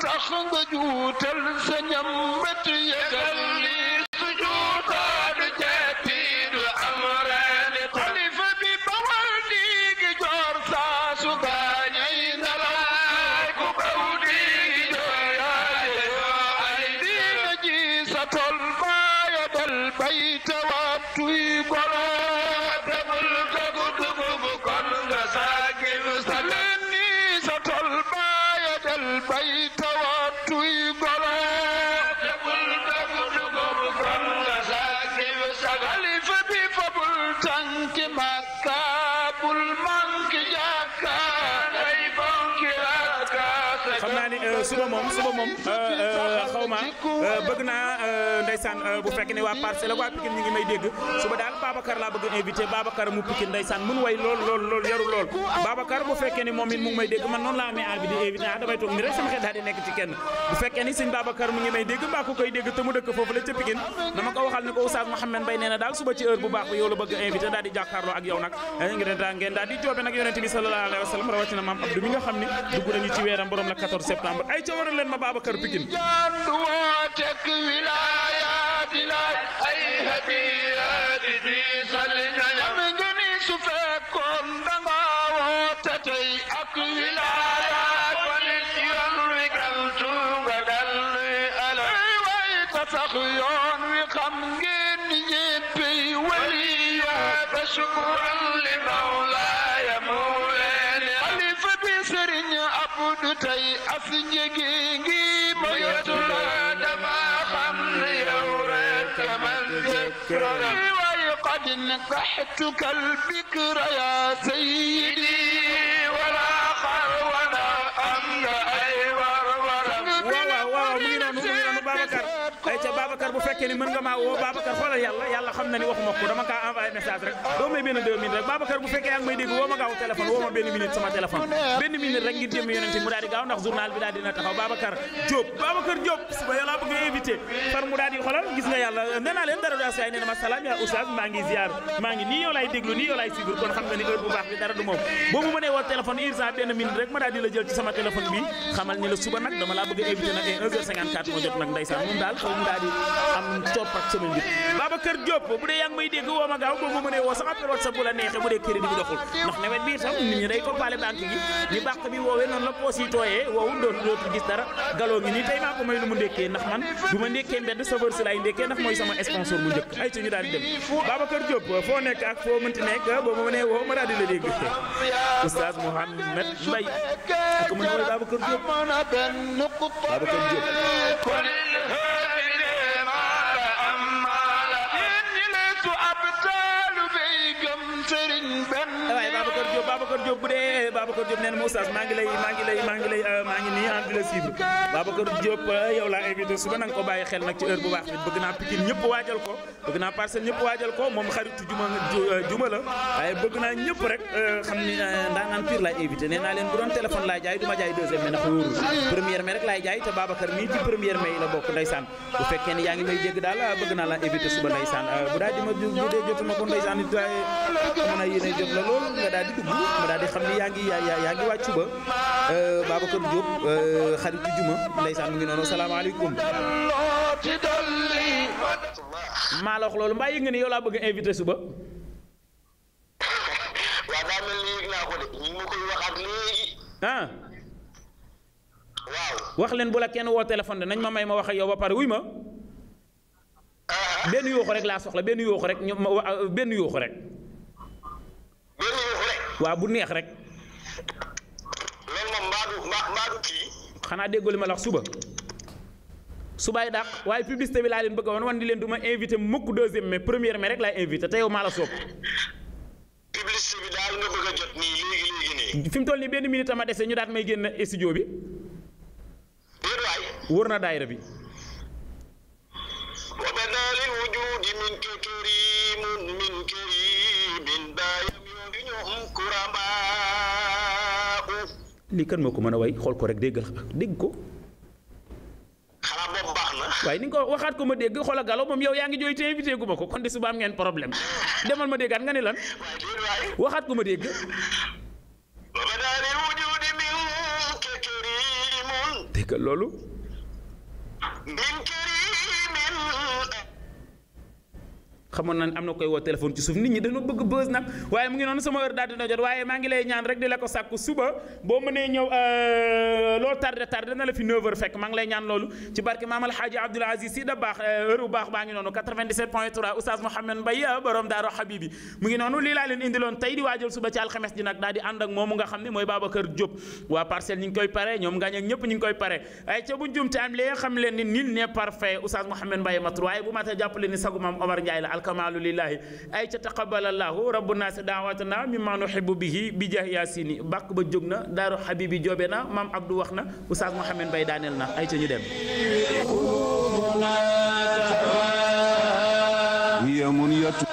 tax nga juutal sa ñam bët yegal na Euh, bu fekkee ne waa parcelle waa Pikine ñu ngi may dégg suba daal Babacar laa bëgg invité Babacar mu Pikine ndeysaan mun way lool lool yaru lool Babacar bu fekkee ni moom it mu may dégg man noonu laa amee envie di invité ah toog ni rek sama xel daal di nekk ci kenn bu fekkee ni sëñ Babacar mu ngi may dégg mbaa koy dégg te mu dëkk foofu la ca Pikine na ma ko waxal ne ko Oustaz Mouhamed Mbaye nee na daal suba ci heure bu baax yow la bëgg invité daal di eh, wa قاتلات أي هدية نكحتك الفكر يا سيدي Babacar bu fekkee ni mën nga maa woo suba yàlla bëgg a invité far mu gis nga yàlla nee naa leen dara yaay nee ma salaam yaa oustaz maa ngi ziar maa ngi nii yow laay déglu kon xam nga ni suba nag dama laa bëgg a invité nag 1h54 moo jot nag ndeysaan moom daal xaw mu am coppat sama njëg Babacar Diop bu dee yaa may dégg woo ma gaaw ba ma mënee woo sax appel WhatsApp bu la neexee bu dee crédit bi doxul ndax nawet bi itam nit ñi day compalé banque gi ni bàq bi woowee noonu la poos yi tooyee woowu dootu dootu gis dara galoo ngi nii tey maa ko may lu mu ndékkee ndax man du ma ndékkee mbedd saveur si laay ndékkee ndax mooy sama sponsor bu njëkk ay ci ñu daal dem Babacar Diop foo nekk ak foo bên các Diop bu dee Babacar Diop nee na maa ngi lay maa ngi lay maa ngi lay euh, maa ngi nii en ah, di la suivre euh, suba na ko bàyyi xel nag ci heure bu baax bëgg naa Pikine ñëpp waajal ko moom xaritu euh, juma la waaye bëgg naa ñëpp rek xam ni ndaanaan pire laay invité nee naa leen bu doon téléphone laay jaay du ma jaay deuxième mais ndax wóorul première mai rek laay jaay te Babacar mii ci première mai la bokk ndeysaan bu fekkee ne yaa ngi may jégg daal ah, bëgg naa la invité a daal di xam ni yaa ngi yaa ya, ngi wàccu ba euh, Babacar Diop euh, xaritu juma ndeysaan mu ngi noonu salaamaaleykum maa la wax loolu mbaa yëg nga ni yow laa bëgg a invité suba waaw daa mel ni yëg naa ko de ñu ma koy waxaat léegi ah waaw wax leen bu kenn woo téléphone de nañ ma may ma wax ak yow ba pare wuy ma ah. benn yooxu rek laa soxla benn yooxu rek benn yooxu rek waaw bu neex rek. loolu moom mbaa du mbaa du kii. xanaa déggoo li ma la wax suba. subaay dàq waaye publicité bi laa leen bëgg a wan wan di leen du ma invité mukk deuxième mai première mai rek laay invité te yow maa la soob. publicité bi daal nga bëgg a jot nii léegi léegi nii. mu toll nii benn minute ma dese ñu daat may génn studio bi. wër na daayira bi. li kan moko meuna way xol ko rek deggal degg ko xanaa boobu baax na ni ko waxat ko ma degg xola galo mom yow yaangi joy te invité gu ma ko kon de suba am ngeen problème demal ma deggat nga ne lan waxat ko ma degg deggal loolu min xamone nan amna koy wo téléphone ci suuf nit ñi dañoo bëgg buzz nag waaye mu ngi noonu sama heure daal dina jot waaye maa ngi lay ñaan rek di la ko sàkku suba boo mënee ñëw loo tardé tardé na la fi 9h fekk maa ngi lay ñaan loolu ci barke maam Alxaaji Abdoul Aziz si da baax heure bu baax baa ngi noonu 97 Oustaz Mouhamed Mbaye borom Daaro Habibi mu ngi noonu lii laa leen indiloon tey di waajal suba ci alxames ji nag daal di ànd ak moomu nga xam ne mooy Babacar Diop waa parcelle koy pare ñoom ngaañ ak ñëpp ñi koy pare ay ca bu jumte am léegi xam leen ni nil n'est parfait Oustaz Mouhamed Mbaye matur waaye bu matee jàpp leen ni sagu maam Omar Ndiaye la alkamaalu lillaahi ay ca taqabbalallahu rabbunaa daawatanaa mimmaa nuhibbu bihi bi jaah yaasini bàkk ba jóg na daaru xabibi joobe na maam Abdou wax na Oustaz Mouhamed Mbaye daaneel na ay ca ñu dem هي منية